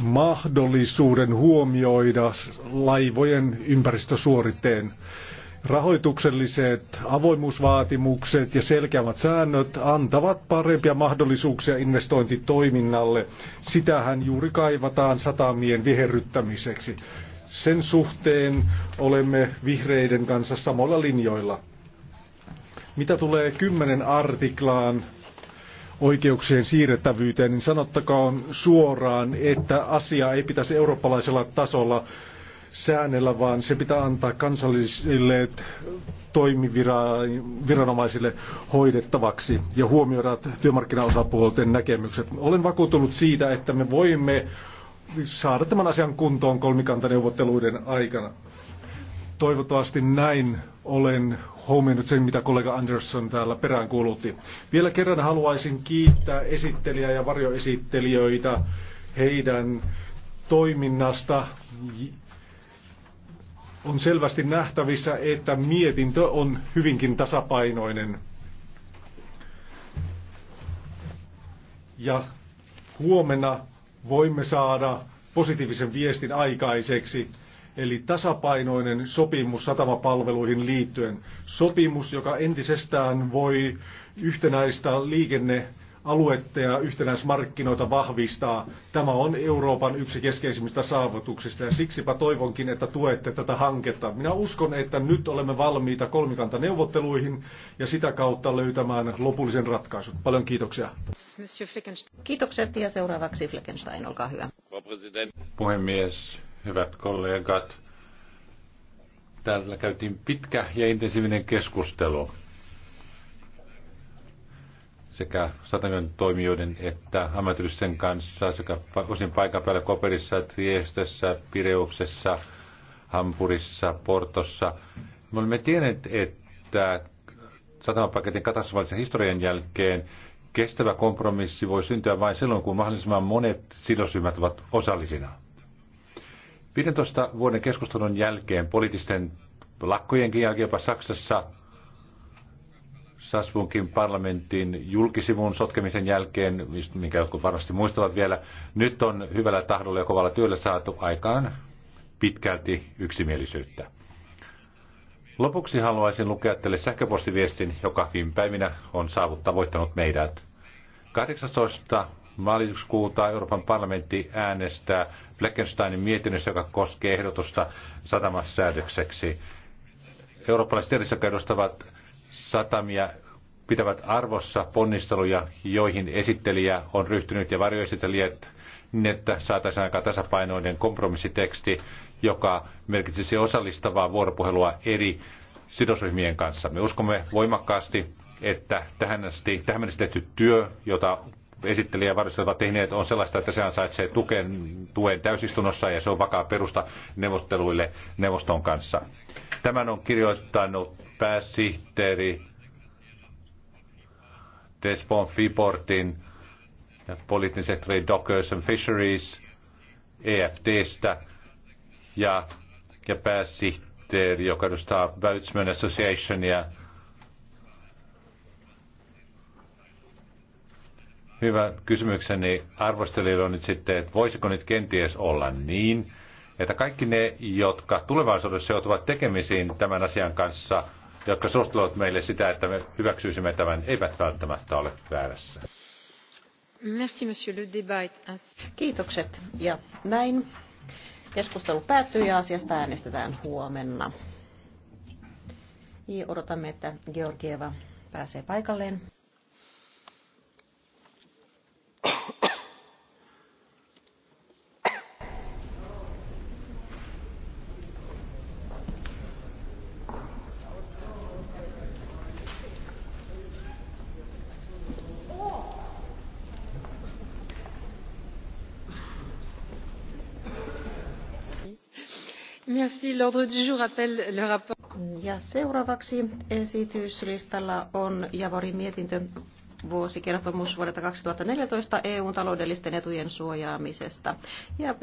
mahdollisuuden huomioida laivojen ympäristösuoritteen. Rahoitukselliset avoimuusvaatimukset ja selkeämmät säännöt antavat parempia mahdollisuuksia investointitoiminnalle. Sitähän juuri kaivataan satamien viherryttämiseksi. Sen suhteen olemme vihreiden kanssa samoilla linjoilla. Mitä tulee kymmenen artiklaan oikeuksien siirrettävyyteen, niin sanottakoon suoraan, että asia ei pitäisi eurooppalaisella tasolla säännellä, vaan se pitää antaa kansallisille toimiviranomaisille hoidettavaksi ja huomioida työmarkkinaosapuolten näkemykset. Olen vakuuttunut siitä, että me voimme saada tämän asian kuntoon kolmikantaneuvotteluiden aikana. Toivottavasti näin olen huomioinut sen, mitä kollega Anderson täällä peräänkuulutti. Vielä kerran haluaisin kiittää esittelijä ja varjoesittelijöitä heidän toiminnasta on selvästi nähtävissä, että mietintö on hyvinkin tasapainoinen. Ja huomenna voimme saada positiivisen viestin aikaiseksi, eli tasapainoinen sopimus satamapalveluihin liittyen. Sopimus, joka entisestään voi yhtenäistä liikenne aluetta ja yhtenäismarkkinoita vahvistaa. Tämä on Euroopan yksi keskeisimmistä saavutuksista ja siksipä toivonkin, että tuette tätä hanketta. Minä uskon, että nyt olemme valmiita kolmikantaneuvotteluihin ja sitä kautta löytämään lopullisen ratkaisun. Paljon kiitoksia. Kiitokset ja seuraavaksi Fleckenstein, olkaa hyvä. Puhemies, hyvät kollegat. Täällä käytiin pitkä ja intensiivinen keskustelu sekä satamien toimijoiden että ammatillisten kanssa sekä osin paikan päällä Koperissa, Triestessä, Pireuksessa, Hampurissa, Portossa. Me olemme tienneet, että satamapaketin katastrofaalisen historian jälkeen kestävä kompromissi voi syntyä vain silloin, kun mahdollisimman monet sidosryhmät ovat osallisina. 15 vuoden keskustelun jälkeen, poliittisten lakkojenkin jälkeen jopa Saksassa, Sasvunkin parlamentin julkisivun sotkemisen jälkeen, minkä jotkut varmasti muistavat vielä, nyt on hyvällä tahdolla ja kovalla työllä saatu aikaan pitkälti yksimielisyyttä. Lopuksi haluaisin lukea teille sähköpostiviestin, joka viime päivinä on saavuttaa voittanut meidät. 18. maaliskuuta Euroopan parlamentti äänestää Fleckensteinin mietinnössä, joka koskee ehdotusta satamassäädökseksi. Eurooppalaiset edessä edustavat satamia pitävät arvossa ponnisteluja, joihin esittelijä on ryhtynyt ja varjoesittelijät, niin että saataisiin aika tasapainoinen kompromissiteksti, joka merkitsisi osallistavaa vuoropuhelua eri sidosryhmien kanssa. Me uskomme voimakkaasti, että tähän, asti, tähän mennessä tehty työ, jota esittelijä varsin ovat tehneet, on sellaista, että se ansaitsee tuken, tuen täysistunnossa ja se on vakaa perusta neuvotteluille neuvoston kanssa. Tämän on kirjoittanut pääsihteeri Despon Fiportin ja poliittinen sektori Dockers and Fisheries EFDstä ja, ja pääsihteeri, joka edustaa Boatsman Associationia. Hyvä kysymykseni arvostelijoille on nyt sitten, että voisiko nyt kenties olla niin, että kaikki ne, jotka tulevaisuudessa joutuvat tekemisiin tämän asian kanssa – jotka suostuvat meille sitä, että me hyväksyisimme tämän, eivät välttämättä ole väärässä. Merci, monsieur. Le débat est Kiitokset. Ja näin keskustelu päättyy ja asiasta äänestetään huomenna. Ja odotamme, että Georgieva pääsee paikalleen. Ja seuraavaksi esityslistalla on Javorin mietintö vuosikertomus vuodelta 2014 EUn taloudellisten etujen suojaamisesta. Ja